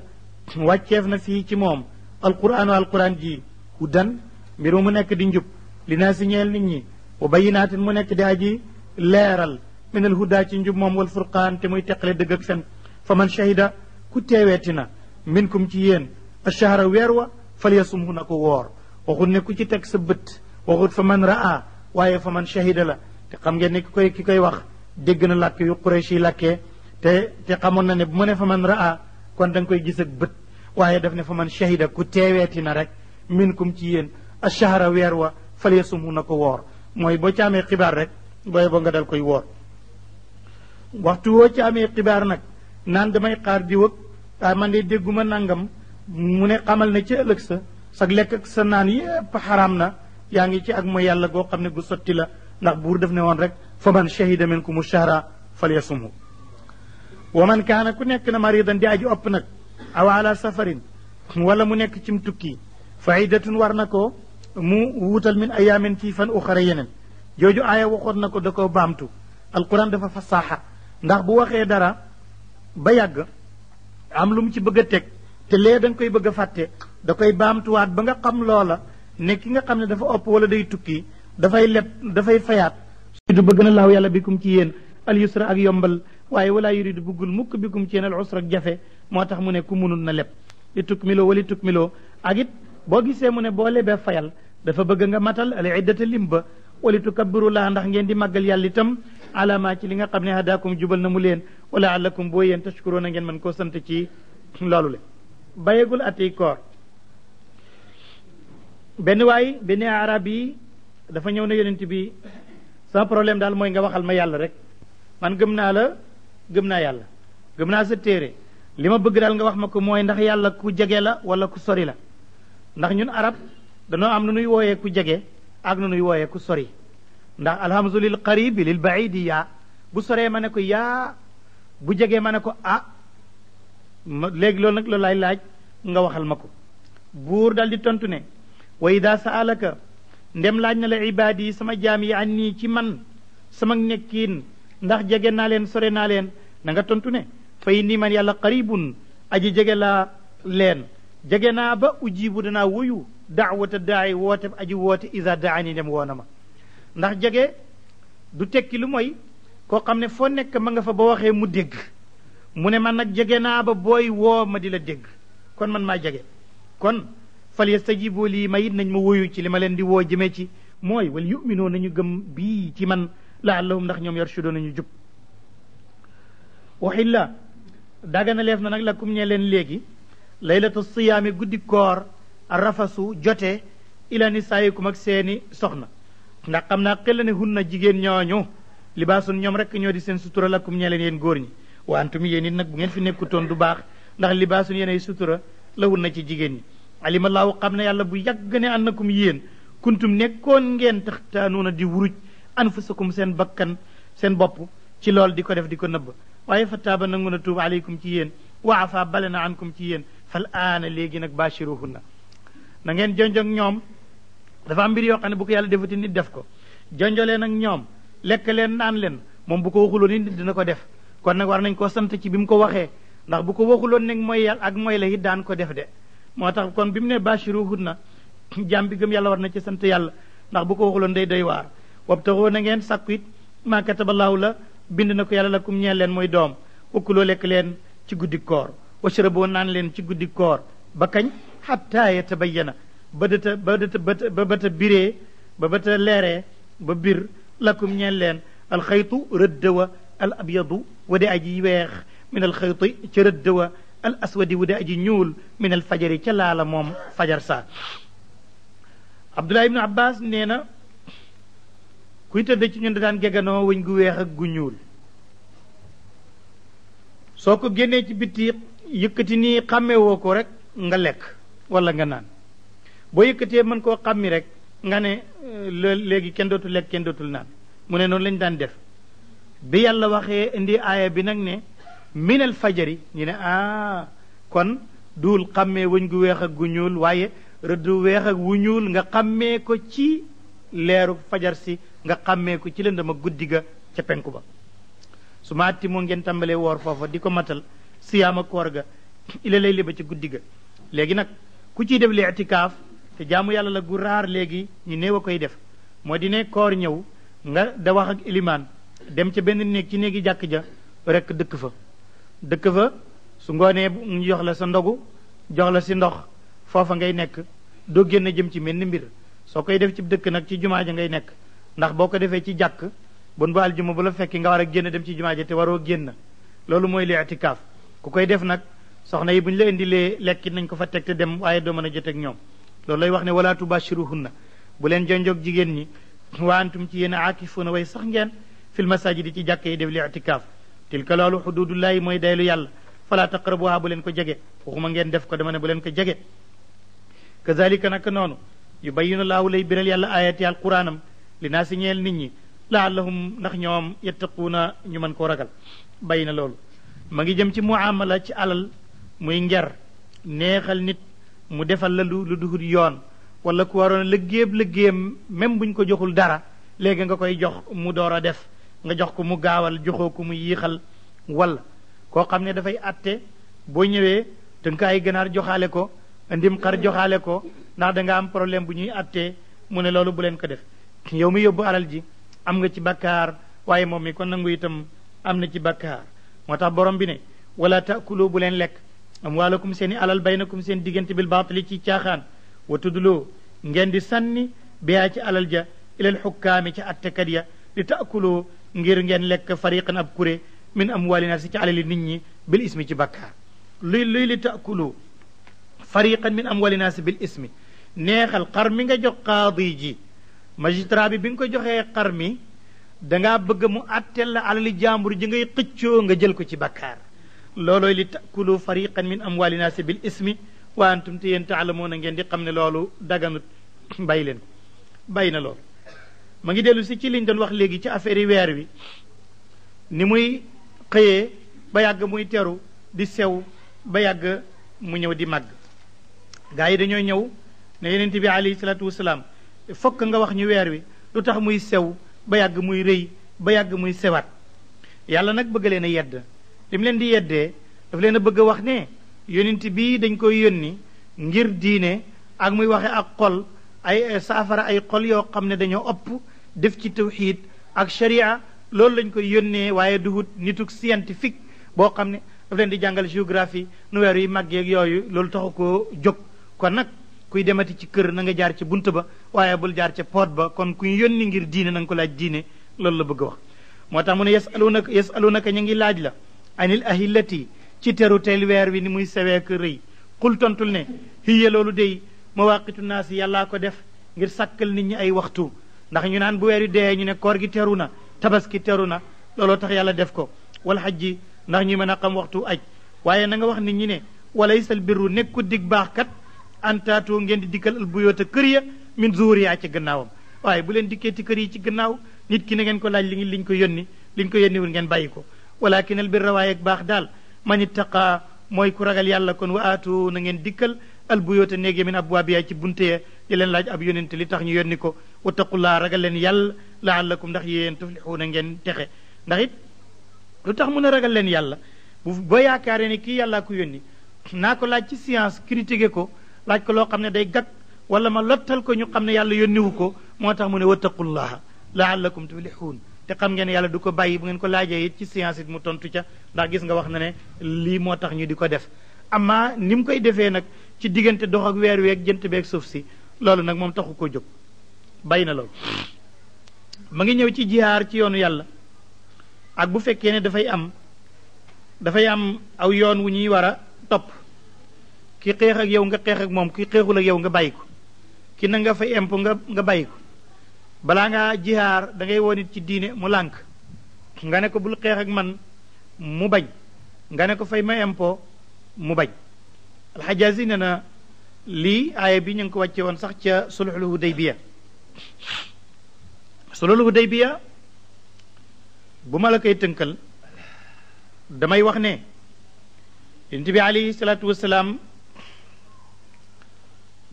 wàcceef na fii ci moom alquraanu alquraan ji hudan mbir mu nekk di njub li naa si ñeel nit ñi wa bayinaatin mu nekk di aji leeral min al ci njub moom wal furqaan te muy teqale dëgg ak fen fa man shahida ku teeweeti na minkum ci yéen ashahara weer wa fal yasumhu na ko woor waxut ne ku ci teg sa bët waxut fa man raa waaye fa man shahida la te xam ngeen ne ki koy ki koy wax dégg na làkk yu quraysh làkkee te te xamoon na ne bu ma ne fa man raa kon da koy gis ak bët waaye def ne fa man shahida ku teeweeti na rek minkum ci a ashahara weer wa falyasumhu na ko woor mooy boo ci amee xibaar rek booye ba nga dal koy woor waxtu woo ci amee xibaar nag naan damay xaar di wëg ah man de dégguma nangam mu ne xamal ne ci ëllëg sa sag lekk sa naan yépp xaraam na yaa ngi ci ak mooy yàlla goo xam ne gu sotti la ndax buur def ne woon rek fa man shahida minkum shahra falyasumhu wa man kaana ku nekk na maridan aw safarin wala mu nekk cim tukki faidatun war na ko mu wuutal min ayaamin ci fan uxara yeneen jooju aaya waxoon na ko da ko baamtu alquran dafa fasaaxa ndax bu waxee dara ba yàgg am lu mu ci bëgg a teg te lee da nga koy bëgg a fàtte da koy baamtuwaat ba nga xam loola nekki nga xam ne dafa ëpp wala day tukki dafay leb dafay fayaat yuridu bëgg na laaw yàlla bi bikum ci yéen al yusra ak yombal waaye walaa yuridu bëggul mukk bikum ci yéen al usra jafe moo tax mu ne ku munul na leb li tukmiloo wali tukmiloo ak it boo gisee mu ne boo lebee fayal dafa bëgg nga matal al iddata lim ba wali tukabbiru laa ndax ngeen di màggal yàlla itam alama ci li nga xam ne hadaakum jubal na mu leen wala alakum boo yéen tashkuroon a ngeen mën koo sant ci loolu le bayegul ati koor benn waay benn arab yi dafa ñëw na yonent bi sama problème daal mooy nga waxal ma yàlla rek man gëm naa la gëm naa yàlla gëm naa sa téere lima bëgg dal nga wax mako moy ndax yalla ku jégué la wala ku sori la ndax ñun arab dañu am nuñuy woyé ku jégué ak nuñuy woyé ku sori ndax alhamdulil lil lil baidi ya, bu sori mané ko ya bu jégué mané ko ah leg lool nak nag loolu laaj nga waxal mako bur dal di tontu ne wa idha saalaka ndem laaj na la ibadi sama jami anni ci man sama nekkiin ndax jégué na len sore na len nga tontu ne fa inni man yàlla qaribun aji jege laa leen jege naa ba ujibu danaa wuyu daawata daay woote aji woote isa daani dem woona ma ndax jege du tekki lu mooy koo xam ne foo nekk ma nga fa ba waxee mu dégg mu ne man nag jege naa ba booy woo ma di la dégg kon man maa jege kon fal yastajibu lii ma it nañ ma wuyu ci li ma leen di woo jëmee ci mooy wal yuminoo nañu gëm bii ci man laallahum ndax ñoom yarshudoo nañu jub waxilla daganaleef na nag la kum leen léegi laylatu siyaami guddi koor rafasu jote ila nisaayikum ak seeni soxna ndax xam naa xel ne hunna jigéen ñooñu libaasun ñoom rek ñoo di seen sutura la kum ñe leen góor ñi wa antum yéen it nag bu ngeen fi nekku toon du baax ndax libaasu yéen sutura la hunna ci jigéen ñi alimallaahu xam na yàlla bu yàgg ne annakum yéen kuntum nekkoon ngeen taxtaanuuna di wuruj anfusakum seen bakkan seen bopp ci lool di ko def di ko nëbb waaye fa taaba nangu na tuub aleykum ci yéen wa afa bale na an ankum ci yéen fal aana léegi nag bashiruhunna na ngeen jonjog ñoom dafa am mbir yoo ne bu ko yàlla defati nit def ko jonjo leen ak ñoom lekk leen naan leen moom bu ko waxuloon nit dina ko def kon nag war nañ koo sant ci bi mu ko waxee ndax bu ko waxuloon nag mooy yàlla ak mooy la it daan ko def de moo tax kon bi mu ne na jaam bi gëm yàlla war na ci sant yàlla ndax ko waxuloon day doy waar wabtaxoo na ngeen sàkku it la bind na ko yàlla kum ñeel leen mooy doom ukkuloo lekk leen ci guddi koor washraboo naan leen ci guddi koor ba kañ xattaa yatabayyana ba data ba data ba bata biree ba bata leeree ba bir lakum ñeel leen alxaytu rëdd wa al abyadu wa di aji weex min alxayti ca rëdd wa al aswadi wa di aji ñuul min alfajari ca laala moom fajar sa abdullah ibnu abbas nee na kuy tëdd ci ñun da daan gegganoo wëñ gu weex ak gu ñuul soo ko génnee ci bitti yëkkati nii xàmmewoo ko rek nga lekk wala nga naan boo yëkkatee mën koo xàmmi rek nga ne euh, léegi kenn dootu lekk kenn dootul naan mu ne noonu lañ daan def bi yàlla waxee indi aaya bi nag ne minal fajari ñu ne ah kon duul xàmmee wëñ gu weex ak gu ñuul waaye rëdd weexak wu ñuul nga xàmmee ko ci leeru fajar si nga xàmmee ko ci lëndëm ak guddi ga ca penku ba su ma atti moo ngeen tàmbalee woor foofa di ko matal siyaam ak koor ga ila ba ci guddi ga léegi nag ku ciy def li itikaaf te jaamu yàlla la gu raar léegi ñu néew a koy def moo di ne koor ñëw nga dawax wax ak ilimaan dem ca benn néeg ci néegi jàkk ja rek dëkk fa dëkk fa su ngoonee ñu jox la sa ndogu jox la si ndox foofa ngay nekk doo génn jëm ci mbenn mbir soo koy def ci dëkk nag ci jumaa ja ngay nekk ndax boko defé ci jàkk bon bu aljuma bu la fekk nga wara génn dem ci juma ji te waro génn loolu moy li i'tikaf ku koy def nak soxna yi buñ ñu la indilee lekki nañ ko fa tek te dem waye do mën jëtte ak ñom loolu lay wax ne wala tubashiruhunna bu len jëndjok jigen ñi wa antum ci yena akifuna way sax ngeen fil masajidi ci jàkk yi def li i'tikaf tilka loolu hududullahi moy daylu yàlla fala taqrabuha bu len ko jege waxuma ngeen def ko dama ne bu len ko jege kazalika nak nonu yubayyinu laahu lay biral yàlla ayati alquranam li naa si ñeel nit ñi laallahum ndax ñoom yettaquuna ñu mën koo ragal bay na loolu ma ngi jëm ci muamala ci alal muy njar neexal nit mu defal la lu lu duhut yoon wala ku waroon lëggéeb lëggéem même buñ ko joxul dara léegi nga koy jox mu door a def nga jox ko mu gaawal joxoo ko mu yiixal wala koo xam ne dafay atte boo ñëwee tënkaayi ganaar joxaale ko ndim xar joxaale ko ndax da nga am problème bu ñuy attee mu ne loolu bu leen ko def yow mi yóbbu alal ji am nga ci bakkaar waaye moom mi kon nangu itam am na ci bakkaar moo tax borom bi ne wala taakulu bu leen lekk am waalakum seen i alal baynakum seen diggante bil baatili ci caaxaan wa tuddloo ngeen di sanni biyaa ci alal ja ilal xukkaami ca attekat ya di ngir ngeen lekk fariqan ab kuré min amwaali naasi ci alali nit ñi bil ismi ci bakkaar luy luy li taakuloo fariqan min amwaali naasi bil ismi neexal xar mi nga jox qaadi ji magistrat bi bi nga ko joxee xar mi danga bëgg mu àtteel la alali jaambur ji ngay xëccoo nga jël ko ci bakkaar loolooy li takulu fariqan min amwaali naasi bil ismi wa antum te yéen taalamuuna ngeen di xam ne loolu daganut bay leen ko bay na loolu ma ngi dellu si ci liñ doon wax léegi ci affaire yi weer wi ni muy xëyee ba yàgg muy teru di sew ba yàgg mu ñëw di màgg gaa yi dañoo ñëw ne yonent bi alayhi salaatu salaam fokk nga wax ñu weer wi lu tax muy sew ba yàgg muy rëy ba yàgg muy sewaat yàlla nag bëgg leen a yedd li mu leen di yeddee daf leen a bëgg wax ne yónent bi dañ koy yónni ngir diine ak muy waxe ak xol ay saafara ay xol yoo xam ne dañoo ëpp def ci tawxiid ak sharia loolu lañ koy yónnee waaye duhut nituk scientifique boo xam ne daf leen di jàngal géographie nu weer yi màggeeg yooyu loolu taxu ko jóg kon nag kuy demati ci kër na nga jaar ca bunt ba waaye bul jaar ca poot ba kon kuy yónni ngir diine na nga ko laaj diine loolu la bëgg a wax moo tax mu ne yasalunaka yasalunaka ñu ngi laaj la anil ahillati ci teru teel weer wi ni muy seweek rëy xul tontul ne hiya loolu day mawaqitu naas yàllaa ko def ngir sàkkal nit ñi ay waxtu ndax ñu naan bu weer yu dee ñu ne koor gi teru na tabaski teru na looloo tax yàlla def ko wal xaj ji ndax ñu mën a xam waxtu aj waaye antaatoo ngeen di dikkal al buyoota kër ya min zuuriyaa ci gannaawam waaye bu leen dikkee ci kër yi ci gannaaw nit ki na ngeen ko laaj li liñ ko yónni liñ ko yónniwul ngeen bàyyi ko walakin al birra waaye ak baax daal man ittaqa mooy ku ragal yàlla kon wa aatu na ngeen dikkal al buyoota néeg ya min abwaabiyaa ci bunte ya leen laaj ab yónnente li tax ñu yónni ko laa ragal leen yàlla laallakum ndax yéen tuflixuuna ngeen texe ndax it lu tax mun a ragal leen yàlla bu boo yaakaaree ne kii yàllaa ko yónni naa ko laaj ci science critiqué ko laaj ko loo xam ne day gag wala ma lottal ko ñu xam ne yàlla yónniwu ko moo tax mu ne wattaqullaha laallakum tuflixuun te xam ngeen yàlla du ko bàyyi bu ngeen ko laajee it ci science it mu tontu ca ndax gis nga wax na ne lii moo tax ñu di ko def amma ni mu koy defee nag ci diggante dox ak weer week jënt beeg suuf si loolu nag moom taxu ko jóg bàyyi na loolu ma ngi ñëw ci jihaar ci yoonu yàlla ak bu fekkee ne dafay am dafay am aw yoon wu ñuy war a topp ki xeex ak yow nga xeex moom ki xeexul ak yow nga bàyyi ko ki na nga fa imp nga nga bàyyi ko balaa ngaa jihaar dangay ngay ci diine mu lànk nga ne ko bul xeex ak man mu bañ nga ne ko fay ma impo mu bañ alxajaasi ne na lii aaya bi ñu ngi ko wàcce woon sax ca sulxul hudaybiya sulxul hudaybiya bu ma la koy tënkal damay wax ne yonent bi alayhi salaatu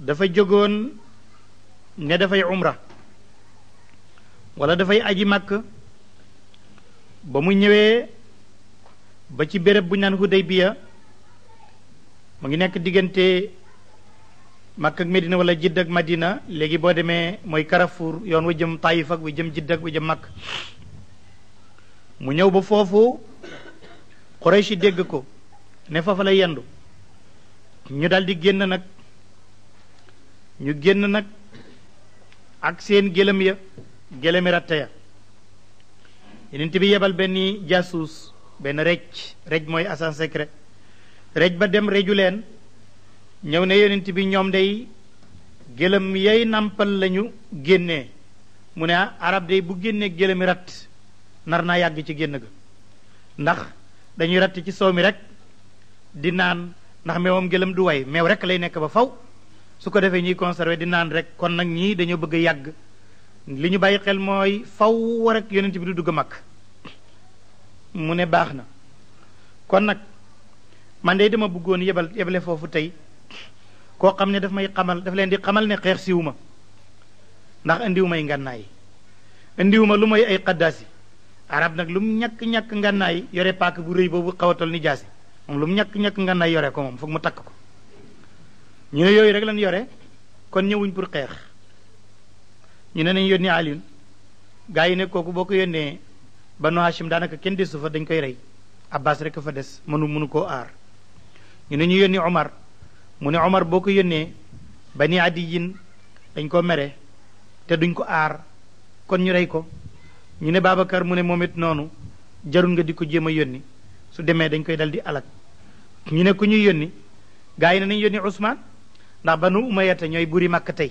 dafa jógoon ne dafay umra wala dafay aji màkk ba mu ñëwee ba ci béréb bu ñu naan Hudaybiya mu ngi nekk diggante màkk ak Medina wala jidd ak Madina léegi boo demee mooy Carrefour yoon wu jëm Taïf ak wu jëm jidd ak wu jëm mu ñëw ba foofu Quraysh dégg ko ne foofa lay yendu ñu daldi génn nag ñu génn nag ak seen gëlëm ya gëlëmi ratte ya yenent bi yebal benn jaasuus benn rej rej mooy agent secret rej ba dem reju leen ñëw ne yenent bi ñoom day gëlëm yay nàmpal lañu génnee mu ne arab day bu génnee gëlëmi ratt nar naa yàgg ci génn ga ndax dañuy ratt ci soow mi rek di naan ndax meewam gëlëm du way meew rek lay nekk ba faw su ko defee ñuy conservé di naan rek kon nag ñii dañoo bëgg a yàgg li ñu bàyyi xel mooy faw rek yonent bi du dugg a mag mu ne baax na kon nag man de dama buggoon yebal yebale foofu tey koo xam ne daf may xamal daf leen di xamal ne xeex siwu ma ndax indiwu may ngànnaay indiwu ma lu may ay xaddaasi arab nag lu mu ñàkk-ñàkk ngànnaay yore paak bu rëy boobu xaw a toll ni jaasi moom lu mu ñàkk-ñàkk ngànnaay yore ko moom foog mu takk ko ñu ne yooyu rek lañ yore kon ñëwuñ pour xeex ñu ne nañ yónni Alioune gaa yi ne kooku boo ko yónnee ba Hachim daanaka kenn desu fa dañ koy rey Abbas rek fa des mënul mënu koo aar ñu ne ñu yónni Omar mu ne Omar boo ko yónnee Bani Adiyin dañ koo mere te duñ ko aar kon ñu rey ko ñu ne Babacar mu ne moom noonu jarul nga di ko jéem a yónni su demee dañ koy dal di alak ñu ne ku ñuy yónni gaa yi ne nañ yónni Ousmane ndax banu umayata ñooy buri makk tey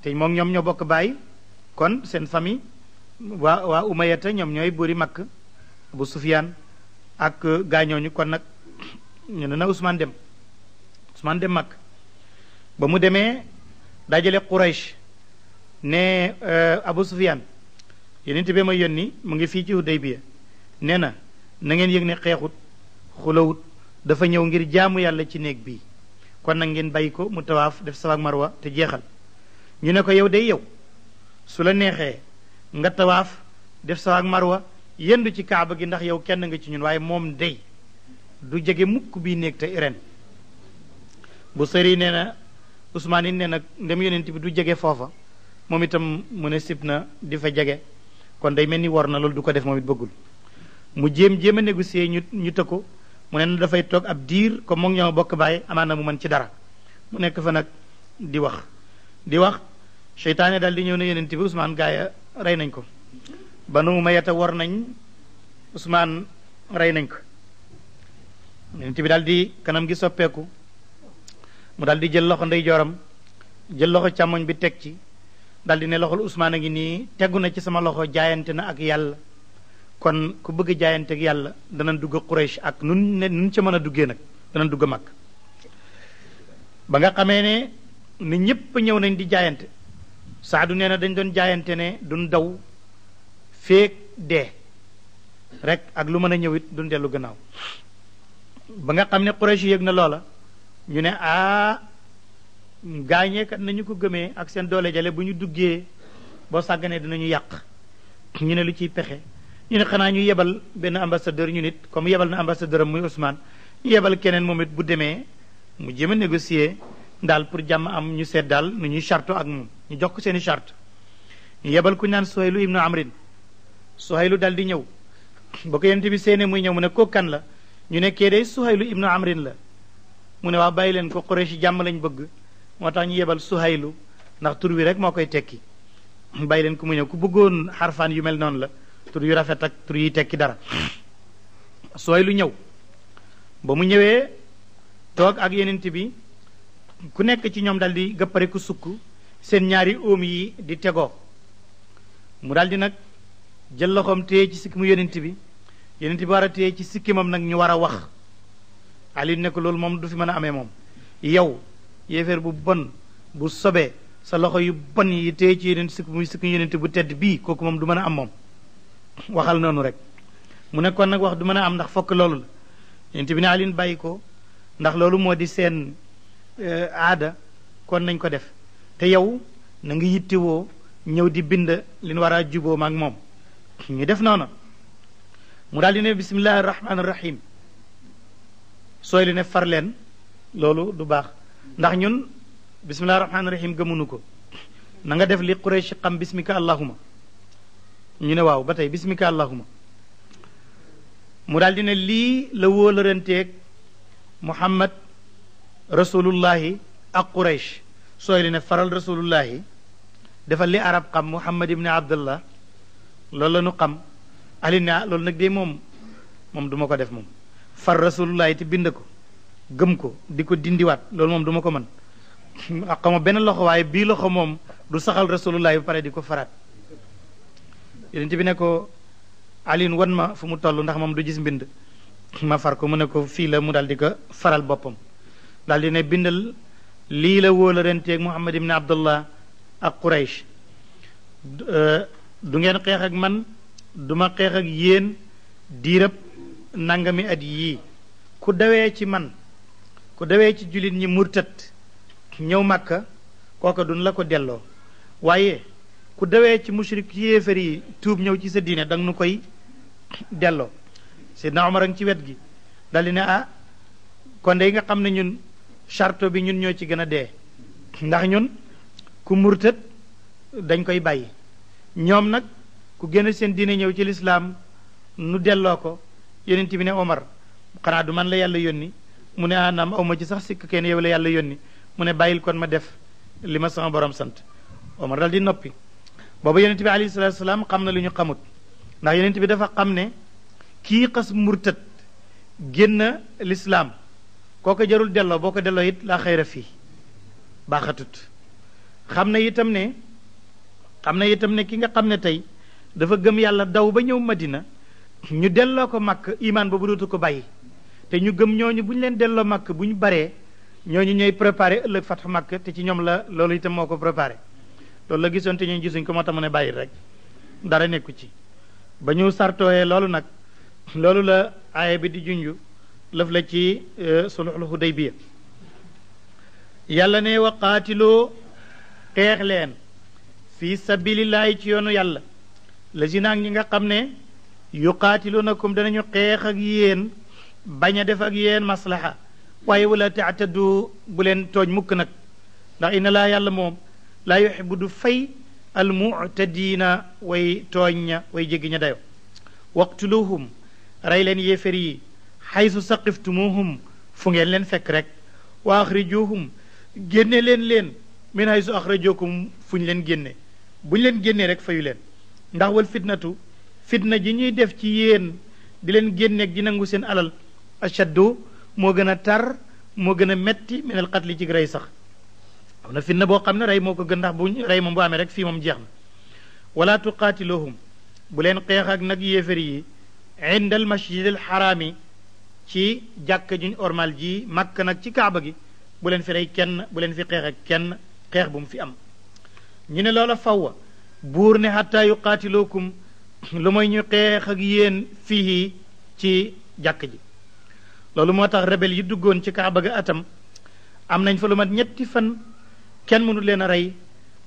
te moom ñoom ñoo bokk baay kon seen famille waa waa umayata ñoom ñooy buri màkk bu sufiyaan ak euh, gaañooñu kon nag ñu ne na Ousmane dem Ousmane dem màkk ba mu demee dajale Quraysh ne euh, Abu Sufyaan yonent bi ma yónni mu ngi fii ci Hudaybiya nee na na ngeen yëg ne xeexut xulawut dafa ñëw ngir jaamu yàlla ci néeg bii kon nak ngeen bayiko ko mu tawaf def sawak marwa te jeexal ñu ne ko yow day yow su la neexee nga tawaf def sawak marwa yendu ci kaaba gi ndax yow kenn nga ci ñun waye mom day du jégué mukk bi néeg te iren bu seri neena na Ousmane yi nee na ndem yonent bi du jégué fofa mom itam mu ne sipna di fa jégué kon day melni warna war du ko def momit bëggul mu jëm négocier ñu ñu tekkoo mu ne dafay toog ab diir ko moom ñoo bokk bàyyi amaana mu mën ci dara mu nekk fa nag di wax di wax seytaane dal di ñëw na bi gaaya ya rey nañ ko banu mayata war nañ Ousmane rey nañ ko bi dal di kanam gi soppeeku mu dal di jël loxo joram jël loxo càmmoñ bi teg ci dal di ne loxol Ousmane a ngi nii tegu na ci sama loxo jaayante na ak yàlla kon ku bëgg jaayante ak yàlla dana dugg Quraysh ak nun ne nun ci mën a duggee nag dana dugg mag ba nga xamee ne ni ñépp ñëw nañ di jaayante saadu nee na dañ doon jaayante ne duñ daw feek dee rek ak lu mën a ñëwit duñ dellu gannaaw ba nga xam ne Quraysh yëg na loola ñu ne ah, aa kat nañu ko gëmee ak seen doole jale bu ñu duggee boo sàgganee dinañu yàq ñu ne lu ciy pexe ñu ne xanaa ñu yebal benn ambassadeur ñu nit comme yebal na ambassadeur am muy Ousmane ñu yebal keneen moom it bu demee mu jéem a négocier daal pour jàmm am ñu seet daal nu ñuy charte ak moom ñu jox ko seen i charte ñu yebal ku ñu naan Suhaylu ibnu Amrin Suhaylu daal di ñëw ba ko yonent bi seene muy ñëw mu ne koo kan la ñu ne kee day Suhaylu ibnu Amrin la mu ne waa bàyyi leen ko Quraysh jàmm lañ bëgg moo tax ñu yebal Suhaylu ndax tur wi rek moo koy tekki bàyyi leen ku mu ñëw bëggoon xarfaan yu mel noonu la tur yu rafet ak tur yi tekki dara sooy lu ñëw ba mu ñëwee toog ak yenent bi ku nekk ci ñoom dal di gëppare ku sukk seen ñaari óom yi di tegoo mu daldi nag jël loxoom téye ci sikkimu yenent bi yenent bi war a téye ci sikkimam nag ñu war a wax Ali ne ko loolu moom du fi mën a amee moom yow yéeféer bu bon bu sobee sa loxo yu bon yi téye ci yenent sikk muy sikkimu yenent bu tedd bii kooku moom du mën a am moom waxal noonu rek mu nekkoon nag wax du mën a am ndax fokk loolu la yonent bi ne alin bàyyi ko ndax loolu moo di seen e, aada kon nañ ko def te yow na nga yittewoo ñëw di bind li nu war a juboo maag moom ñu def noonu mu daal di ne bismillahi rahmaani rahim sooy li ne far leen loolu du baax ndax ñun bismillahi rahmaani rahim gëmunu ko na nga def li quraysh xam bismika allahuma ñu ne waaw ba tey bismika allahuma mu daldi ne lii la wóolaranteeg muhammad rasulullahi ak quraysh sooy li ne faral rasulullahi defal li arab xam muhammad ibni abdullah loolu la nu xam ali lool ah loolu nag de moom moom du ko def moom far rasulullahi te bind ko gëm ko di ko dindiwaat lool moom du ko mën xaw ma benn loxo waaye bii loxo moom du saxal rasulullahi ba pare di ko faraat yonent bi ne ko alin wan ma fu mu toll ndax moom du gis mbind ma far ko mu ne ko fii la mu daal di ko faral boppam daal di ne bindal lii la wóola renteeg Muhammad ibn Abdullah ak Quraysh du euh, ngeen xeex ak man duma xeex ak yéen diirab nangami at yii ku dawee ci man ku dawee ci jullit ñi murtat ñëw màkka kooka duñ la ko delloo waaye ku dewe ci mushrik ci yéefar yi tuub ñew ci sa diine dang nu koy delloo sidna omar ci wet gi dali ne ah kon de nga xamne ñun charto bi ñun ñoo ci gëna a ndax ñun ku murtët dañ koy bayyi ñom nak ku gëna seen diine ñew ci l'islam nu delo ko yonent bi ne omar xanaa du man la yalla yoni mu ne anam ah, ma ci sax sik ken yow la yalla yoni mu ne bayil kon ma def lima sama borom sant omar dal di noppi booba yonent bi alayhi salatu salaam xam na lu ñu xamut ndax yonent bi dafa xam ne kii xas murtad génn lislaam koo ko jarul delloo boo ko delloo it la xayra fii baaxatut xam na itam ne xam na itam ne ki nga xam ne tey dafa gëm yàlla daw ba ñëw madina ñu delloo ko màkk iman boobu dootu ko bàyyi te ñu gëm ñooñu bu ñu leen delloo màkk bu ñu baree ñooñu ñooy préparé ëllëg te ci ñoom la loolu itam moo ko loolu la gisoon te ñun gisuñ ko moo tax ne bàyyi rek dara nekku ci ba ñu sartooyee loolu nag loolu la aaya bi di junj lëf la ci e, sulhul Hudaybiya yàlla ne wa qaatiloo xeex leen fii sabilillahi ci yoonu yàlla la si naag ñi nga xam ne nag yuqaatilunakum danañu xeex ak yéen bañ a def ak yéen maslaha waaye wala taatadu bu leen tooñ mukk nag ndax na laa yàlla moom laa yuxibu du fay almuctadiina way tooñ ña way jéggi ña dayo waqtuluhum rey leen yéefér yi xaysu saqiftumuhum fu ngeen leen fekk rek wa axrijuhum génne leen leen min haysu axrajokum fu ñu leen génne bu ñu leen génnee rek fayu leen ndax wal fitnatu fitna ji ñuy def ci yéen di leen génneeg di nangu seen alal ashaddu moo gën a tar moo gën a metti min al qatli jig rey sax am na fitna boo xam ne rey moo ko gën ndax bu rey moom bu rek fii moom jeex na wala tuqaatiluhum bu leen xeex ak nag yéefar yi inda al masjid al xaraami ci jàkk ji ormal ji màkk nag ci kaaba gi bu leen fi rey kenn bu leen fi xeex kenn xeex bu mu fi am ñu ne loola fawwa buur ne xataa yuqaatilookum lu mooy ñu xeex ak yéen fii ci jàkk ji loolu moo tax rebel yi duggoon ci kaaba gi atam am nañ fa lu mat ñetti fan kenn mënu leen a rey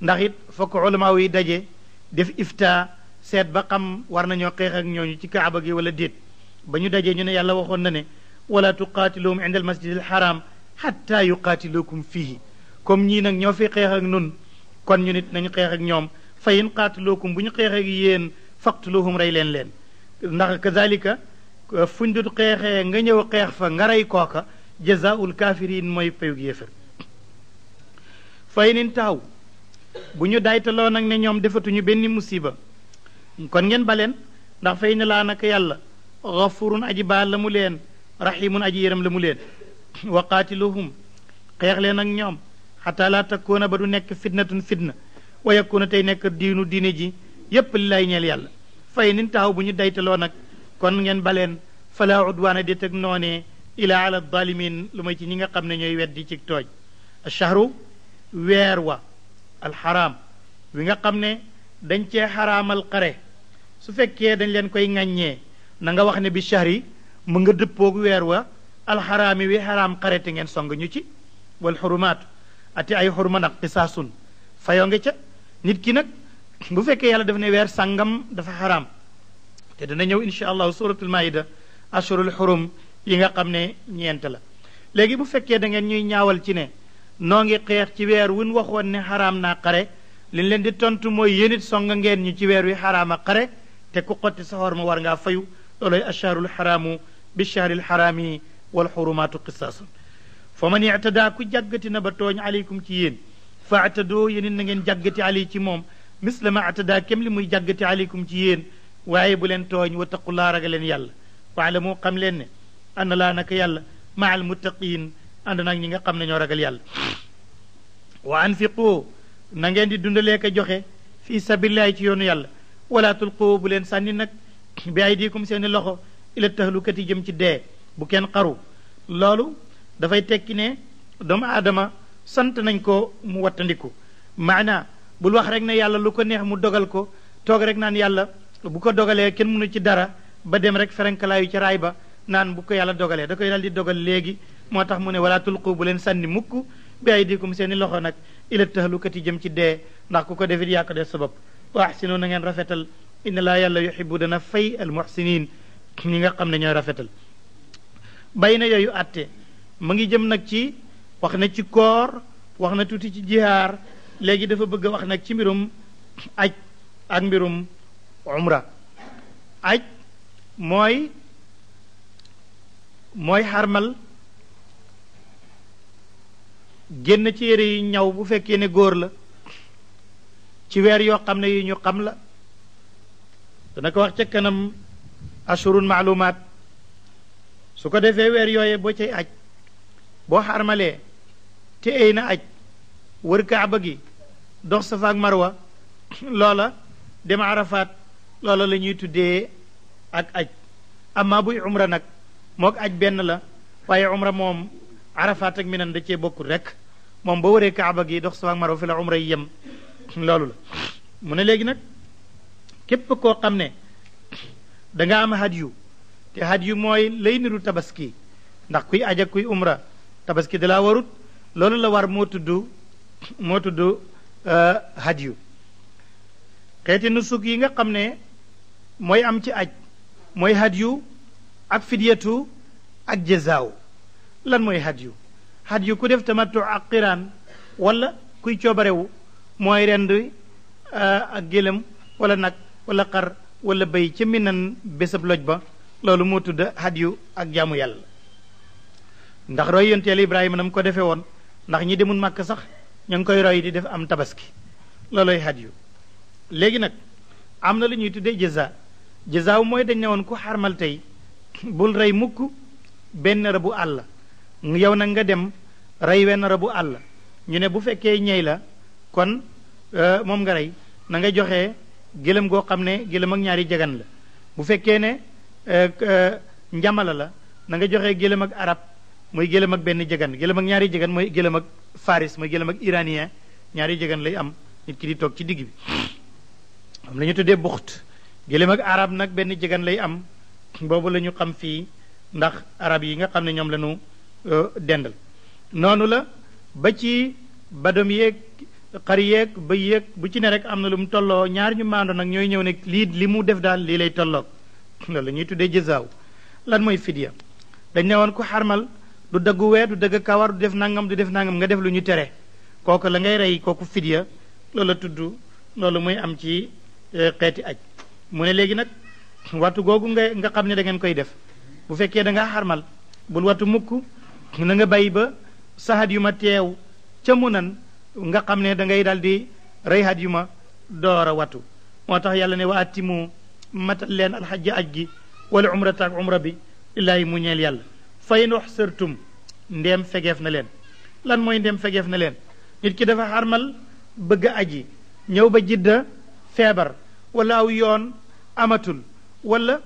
ndax it fokk ulamaaw yi daje def ifta seet ba xam war nañoo xeex ak ñooñu ci kaaba gi wala déet ba ñu dajee ñu ne yàlla waxoon na ne wala tuqaatiluhum inda al masjid al haram xatta yuqaatilukum fihi comme ñii nag ñoo fi xeex ak nun kon ñu nit nañu xeex ak ñoom fa in qaatilukum bu ñu xeex ak yéen faqtuluhum rey leen leen ndax kazalika fuñ dut xeexee nga ñëw xeex fa nga rey kooka jazaul kafirin mooy payug yéefar faynin taxaw bu ñu daytaloo nag ne ñoom defatuñu benn musiba kon ngeen baleen ndax fay na laa naka yàlla xafurun aji baal la mu leen raximun aji yéram la mu leen wa qaatiluhum xeex leen ak ñoom xataa laa takkoona ba du nekk fitnatun fitna wa yakkoona tey nekk diinu diine ji yépp li lay ñeel yàlla fay nin taxaw bu ñu daytaloo nag kon ngeen baleen falaa udwaana déet ak noonee ilaa ala dalimin lu may ci ñi nga xam ne ñooy weddi ci tooñ ashahru weer wa haram wi nga xamne ne dañ haram al xare su fekke dañ leen koy ngagne na nga wax ne bi shahri mu nga deppok weer wa alxaraami wi haram xare te ngeen song ñu ci wal hurumat ati ay hurma nak qisasun fayo nga ca nit ki nak bu fekke yalla daf ne weer sangam dafa haram te dana ñew inshallah suratul maida ashurul hurum yi nga xam ne la léegi bu fekkee da ngeen ñuy ñaawal ci ne noo ngi xeex ci weer wun waxoon ne xaraam naa xare liñ leen di tontu mooy yénit song ngeen ñu ci weer wi xaraam a xare te ku xotti saxoor ma war ngaa fayu looloy asharul xaraamu bi shahril xaraami wal xurumaatu qisaasun fa man ictadaa ku jàggati na ba tooñ aleykum ci yéen fa atadoo yénit na ngeen jàggati ali ci moom misla ma atadaa kem li muy jàggati aleykum ci yéen waaye bu leen tooñ wa taqullaa raga leen yàlla waalamu xam leen ne anna laa naka yàlla maa almuttaqiin ànd naag ñi nga xam ne ñoo ragal yàlla wa anfiqu na ngeen di dundalee ko joxe fii sabilillahi ci yoonu yàlla wala tulqu bu leen sànni nag bi ay diikum seeni loxo ila tahlukati jëm ci dee bu kenn xaru loolu dafay tekki ne doomu adama sant nañ ko mu wattandiku maana bul wax rek na yàlla lu ko neex mu dogal ko toog rek naan yàlla bu ko dogalee kenn mënu ci dara ba dem rek ferenkalaayu ci raay ba naan bu ko yàlla dogalee da koy daal di dogal léegi motax mu ne wala tulqu bu len sanni mukk bi ay dikum seen loxo nak ila tahlukati jëm ci de ndax ku ko defit yak de sabab wa ahsinu na ngeen rafetal inna la yalla yuhibbu dana fay al muhsinin ni nga xamne ñoy rafetal bay yoyu atté atte mu ngi jëm nak ci wax na ci koor wax na tuti ci jihar legi dafa bëgg wax nak ci mbirum aj ak mbirum umra aj moy moy harmal génn ci yére yi ñaw bu fekkee ne góor la ci weer yoo xam ne yi ñu xam la dana ko wax ca kanam ashurun maalumaat su ko defee weer yooye boo cay aj boo xarmalee te ay na aj wër kaaba gi dox safa ak marwa loola dem arafaat loola la ñuy tuddee ak aj amma buy umra nag mook aj benn la waaye umra moom arafaat ak minan da cee bokkul rek moom boo waree kaaba gi dox sawaak mar fi la umra yem loolu la mu ne léegi nag képp ko xam ne danga am hadiyu te hadiyu mooy lay niru tabaski ndax kuy aj ak kuy umra tabaski dala laa warut loolu la war moo tudd moo tudd euh, hadiyu xeeti nusuk yi nga xam ne mooy am ci aj mooy hadiyu ak fidyatu ak jazaaw lan mooy hadiyu hadiyu ku def tamattu ak qiraan walla kuy coobarewu mooy rend uh, ak gélem walla nag wala xar wala bay ca minan bésab loj ba loolu moo tudd hadiyu ak jaamu yàlla ndax roy yonte yàlla ibrahima na mu ko defee woon ndax ñi demul màkk sax ñu ngi koy roy di def am tabaski looloy hadiyu léegi nag am na lu ñuy tuddee jaza jaza mooy dañ ne woon ku xarmal tey bul rey mukk benn rabu àll yow nag nga dem rey wenn rabu àll la ñu ne bu fekkee ñey la kon euh, moom nga rey na nga joxe gëlëm goo xam ne gëlëm ak ñaari jagan la bu fekkee ne euh, euh, njamala la na nga joxe gëlëm ak arab mooy gëlëm ak benn jagan gëlëm ak ñaari jagan mooy gëlëm ak faris mooy ñaari jagan lay am nit ki di toog ci digg bi am la ñu tuddee buxt gëlëm ak arab nag benn jagan lay am boobu la ñu xam fii ndax arab yi nga xam ne ñoom la Euh, dendal noonu la ba ci badam yéeg xar yéeg ba yeeg bu ci ne rek am na lu mu tolloo ñaar ñu maando nag ñooy ñëw ne lii li mu def daal lii lay tolloog loolu la ñuy tuddee jëzaaw lan mooy fidya dañ ne woon ku xarmal du daggu weer du dagg kawar du def nangam du def nangam nga def lu ñu tere kooku la ngay rey kooku fidya loolu la tudd loolu muy am ci euh, xeeti aj mu ne léegi nag wattu googu nga nga xam ne da ngeen koy def bu fekkee da nga xarmal bul wattu mukk na nga bàyyi ba saxaat yu ma teew ca mu nga xam ne da ngay dal di reyxat yu ma door a watu moo tax yàlla ne wa atimu matal leen alxajja aj gi wala umrata umra bi illaahi mu ñeel yàlla fayin wax sërtum ndeem fegeef na leen lan mooy ndeem fegeef na leen nit ki dafa xarmal bëgg aji ñëw ba jidda feebar wala aw yoon amatul wala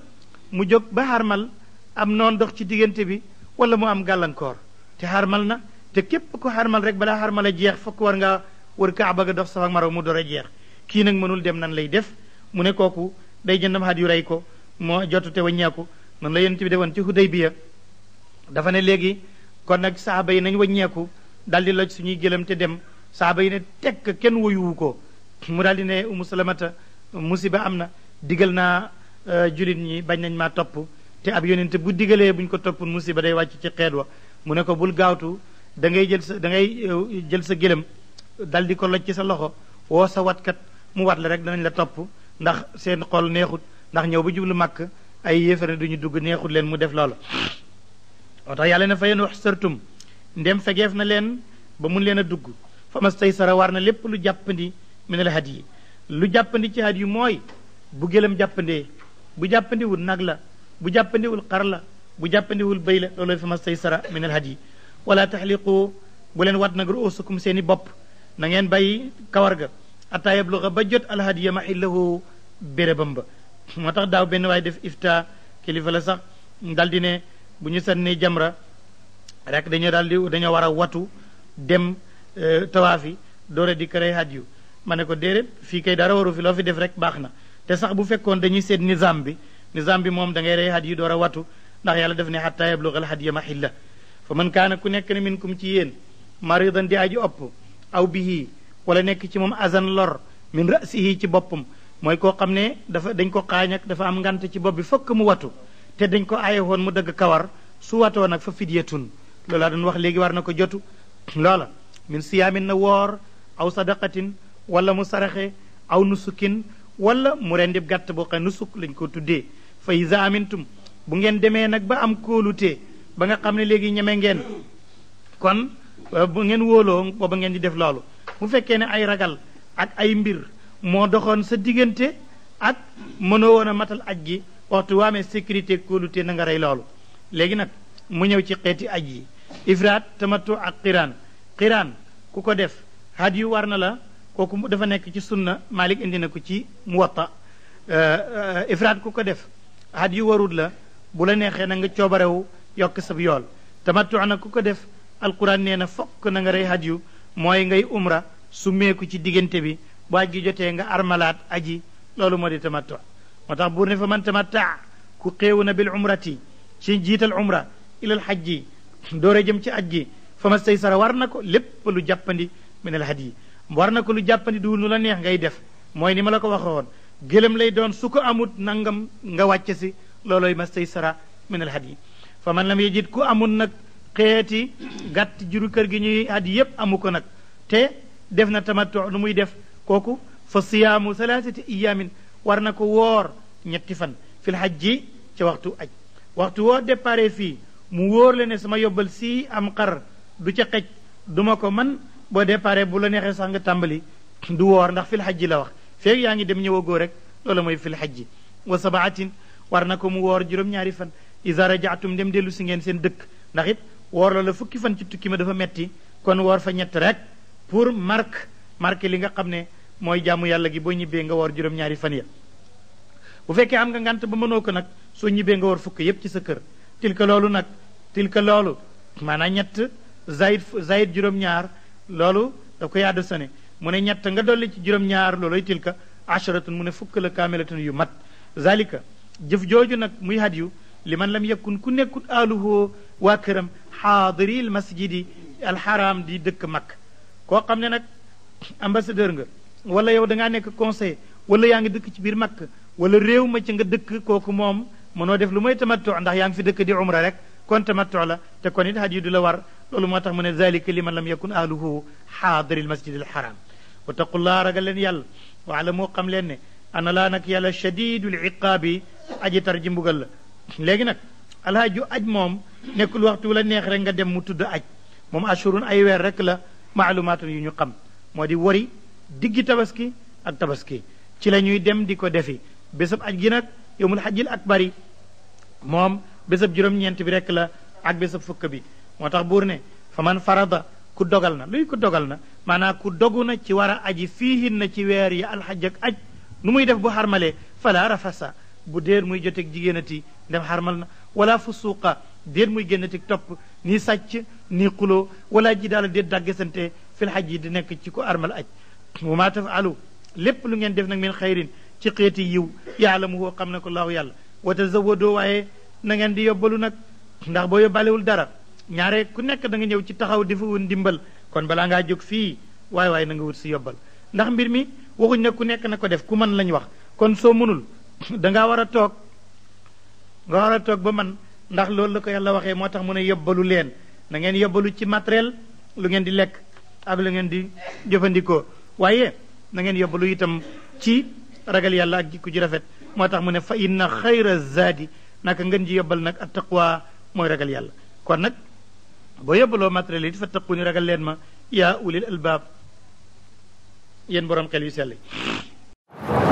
mu jóg ba xarmal am noon dox ci diggante bi wala mu am galankor te xarmal na te kep ko harmal rek bala harmal jeex fuk war ngaa wër kaaba ga dox safa ak marwa mu door a jeex ki nak manul dem nan lay def mu ne koku day jëndam xaat yu rey ko moo jotute la yent bi dewon ci Hudaybiya dafa ne legi kon nak sahaba yi nañ dal di loj suñu gelem te dem sahaba yi ne tekk ken woyuwu ko mu dal di ne ummu salamata musiba amna digelna digal naa euh, julit ñi bañ nañ ma te ab yonent bu digalee buñ ko toppul musiba day wàcc ci xeet wa mu ne ko bul gaawtu da ngay jël sa da eh, jël sa gëlëm dal di ko loj ci sa loxo woo sa watkat mu wat la rek danañ la topp ndax seen xol neexut ndax ñëw ba jublu màkk ay yéefar ne duñu dugg neexut leen mu def loola moo tax yàlla na fa yéen wax sartum ndem fegeef na leen ba mun leen a dugg fa mas tey sara war na lépp lu jàppandi minal hadi yi lu jàppandi ci hadi yi mooy bu gëlëm jàppandee bu jàppandiwul nag la bu jàppandiwul xar la bu jàppandiwul béy la looloo fi mastaysara min alhadyi wala taxliqu bu leen wat nag ruusukum seen seeni bopp na ngeen bàyyi kawar ga ataa yabluga ba jot alhadiya mahillahu bérébam ba moo tax daaw benn waaye def ifta kilifa la sax dal di ne bu ñu sànni jamra rek dañoo daal di dañoo war a watu dem euh, tawaafi doole di këree haj yu ma ne ko déedéet fii kay dara waru fi loo fi def rek baax na te sax bu fekkoon dañuy seet nizam bi nizaam bi moom dangay ngay rey xat door a wattu ndax yàlla def ne xatta yablugal xat ya maxilla fa man kaana ku nekk ne minkum ci yéen maridan di aji opp aw bihi wala nekk ci moom azan lor min rasihi ci boppam mooy koo xam ne dafa dañ ko xaañak dafa am ngant ci bopp bi fokk mu watu te dañ ko aaye woon mu dëgg kawar su watoo nag fa fidyatun loolaa doon wax léegi war na ko jotu loola min siyaamin na woor aw sadaqatin wala mu saraxe aw nusukin wala mu rendib gàtt boo xam nusuk lañ ko tuddee fa iza amintum bu ngeen demee nag ba am kóolutee ba nga xam ne léegi ñeme ngeen kon euh, bu ngeen wóoloo booba ngeen di def loolu bu fekkee ne ay ragal ak ay mbir moo doxoon sa diggante ak mënoo woon a matal aj gi waxtu waamee sécurité kóolutee na nga rey loolu léegi nag mu ñëw ci xeeti aj yi ifraat tamattu ak xiraan xiraan ku ko def had yu war na la kooku dafa nekk ci sunna Malik indi na ko ci mu muwatta euh, euh, ifraat ku ko def at yu warut la bu la neexee na nga coobarewu yokk sab yool tamattu na ku ko def alquran nee na fokk na nga rey at mooy ngay umra summeeku ci diggante bi bu aj jotee nga armalaat aji loolu moo di tamattu moo tax buur ne fa man tamatta ku xéewu na bil umrati ci jiital umra ilal xaj ji doore jëm ci aj gi fa ma stay sara war na ko lépp lu jàppandi min al had yi war na ko lu jàppandi duwul nu la neex ngay def mooy ni ma la ko wax waxoon gelem lay doon su ko amut nangam nga wàcc si looloy mastay sara min al hadi fa man lam yajid ku amul nag xeeti gàtt juru kër gi ñuy yépp amu ko te def na tamattu nu muy def kooku fa siyaamu salaasati iyaamin war na ko woor ñetti fan fil hajji ci waxtu aj waxtu woo dépare fii mu wóor le ne sama yóbbal si am xar du ca xej duma ko man boo dépare bu la nexe du woor ndax fil hajji la wax feeg yaa ngi dem góor rek loola mooy fil xajji wa sabaatin war na ko mu woor juróom-ñaari fan isa rajaatum dem dellu si ngeen seen dëkk ndaxit it woor loola fukki fan ci tukki ma dafa metti kon woor fa ñett rek pour mark marque li nga xam ne mooy jàmm yàlla gi boo ñibbee nga woor juróom-ñaari fan ya bu fekkee am nga ngant ba mënoo ko nag soo ñibbee nga woor fukk yépp ci sa kër tilka loolu nag tilka loolu maanaam ñett zayid zayid juróom-ñaar loolu da ko yaadu sane mu ne ñett nga dolli ci juróom-ñaar looloy tilka asharatun mu ne fukk la kaamilatun yu mat zalika jëf jooju nag muy had yu li man lam yekkun ku nekkut aaluhoo waa këram xaadiri l masjidi alxaraam di dëkk mak koo xam ne nag ambassadeur nga wala yow da ngaa nekk conseil wala yaa ngi dëkk ci biir makk wala réew ma ci nga dëkk kooku moom mënoo def lu mooy tamattu ndax yaa ngi fi dëkk di umra rek kon tamattu la te kon it had yu du la war loolu moo tax mu ne zalika li man lam yakun ahluhu xaadiri l masjidi alxaraam wattaqullaa ragal leen yàlla waalamu xam leen ne ana laa nag yàlla shadidul iqaabi aji tar ji mbugal la léegi nag alhaaju aj moom nekkul waxtu la neex rek nga dem mu tudd aj moom ashurun ay weer rek la maalumaatun yu ñu xam moo di wari diggi tabaski ak tabaski ci la ñuy dem di ko defi bésab aj gi nag yowmul xajil akbari moom bésab juróom-ñeent bi rek la ak bésab fukk bi moo tax buur ne fa man farada ku dogal na luy ku dogal na maanaam ku dogu na ci war a aji fiihin na ci weer yi alxaj ak aj nu muy def bu xarmalee fala rafasa bu déer muy joteeg jigéenati ndem xarmal na wala fusuqa déet muy génnatig topp ni sàcc ni xuloo wala ji daala déet dàggesante fil xaj yi di nekk ci ko armal aj wa maa tafalu lépp lu ngeen def nag min xayrin ci xeeti yiw yaalamuhu xam na ko laahu yàlla wa tazawadoo waaye na ngeen di yóbbalu nag ndax boo yóbbalewul dara ñaare ku nekk da nga ñëw ci taxaw di wun dimbal kon bala nga jóg fii waay waay na nga wut si yobbal ndax mbir mi waxuñ ne ku nekk na ko def ku man lañ wax kon soo mënul da nga war a toog nga war a toog ba man ndax loolu la ko yàlla waxee moo tax mu yobbalu leen na ngeen yobbalu ci matériel lu ngeen di lekk ak lu ngeen di jëfandikoo waaye na ngeen yobbalu itam ci ragal yàlla ak jikku ji rafet moo mu ne fa inna xayra zaadi naka ngeen ji yobbal nag taqwa mooy ragal yàlla kon nag boo yóbbaloo matériel yi fattaqu ni ragal leen ma yaa ulil albaab yéen borom xel yu sell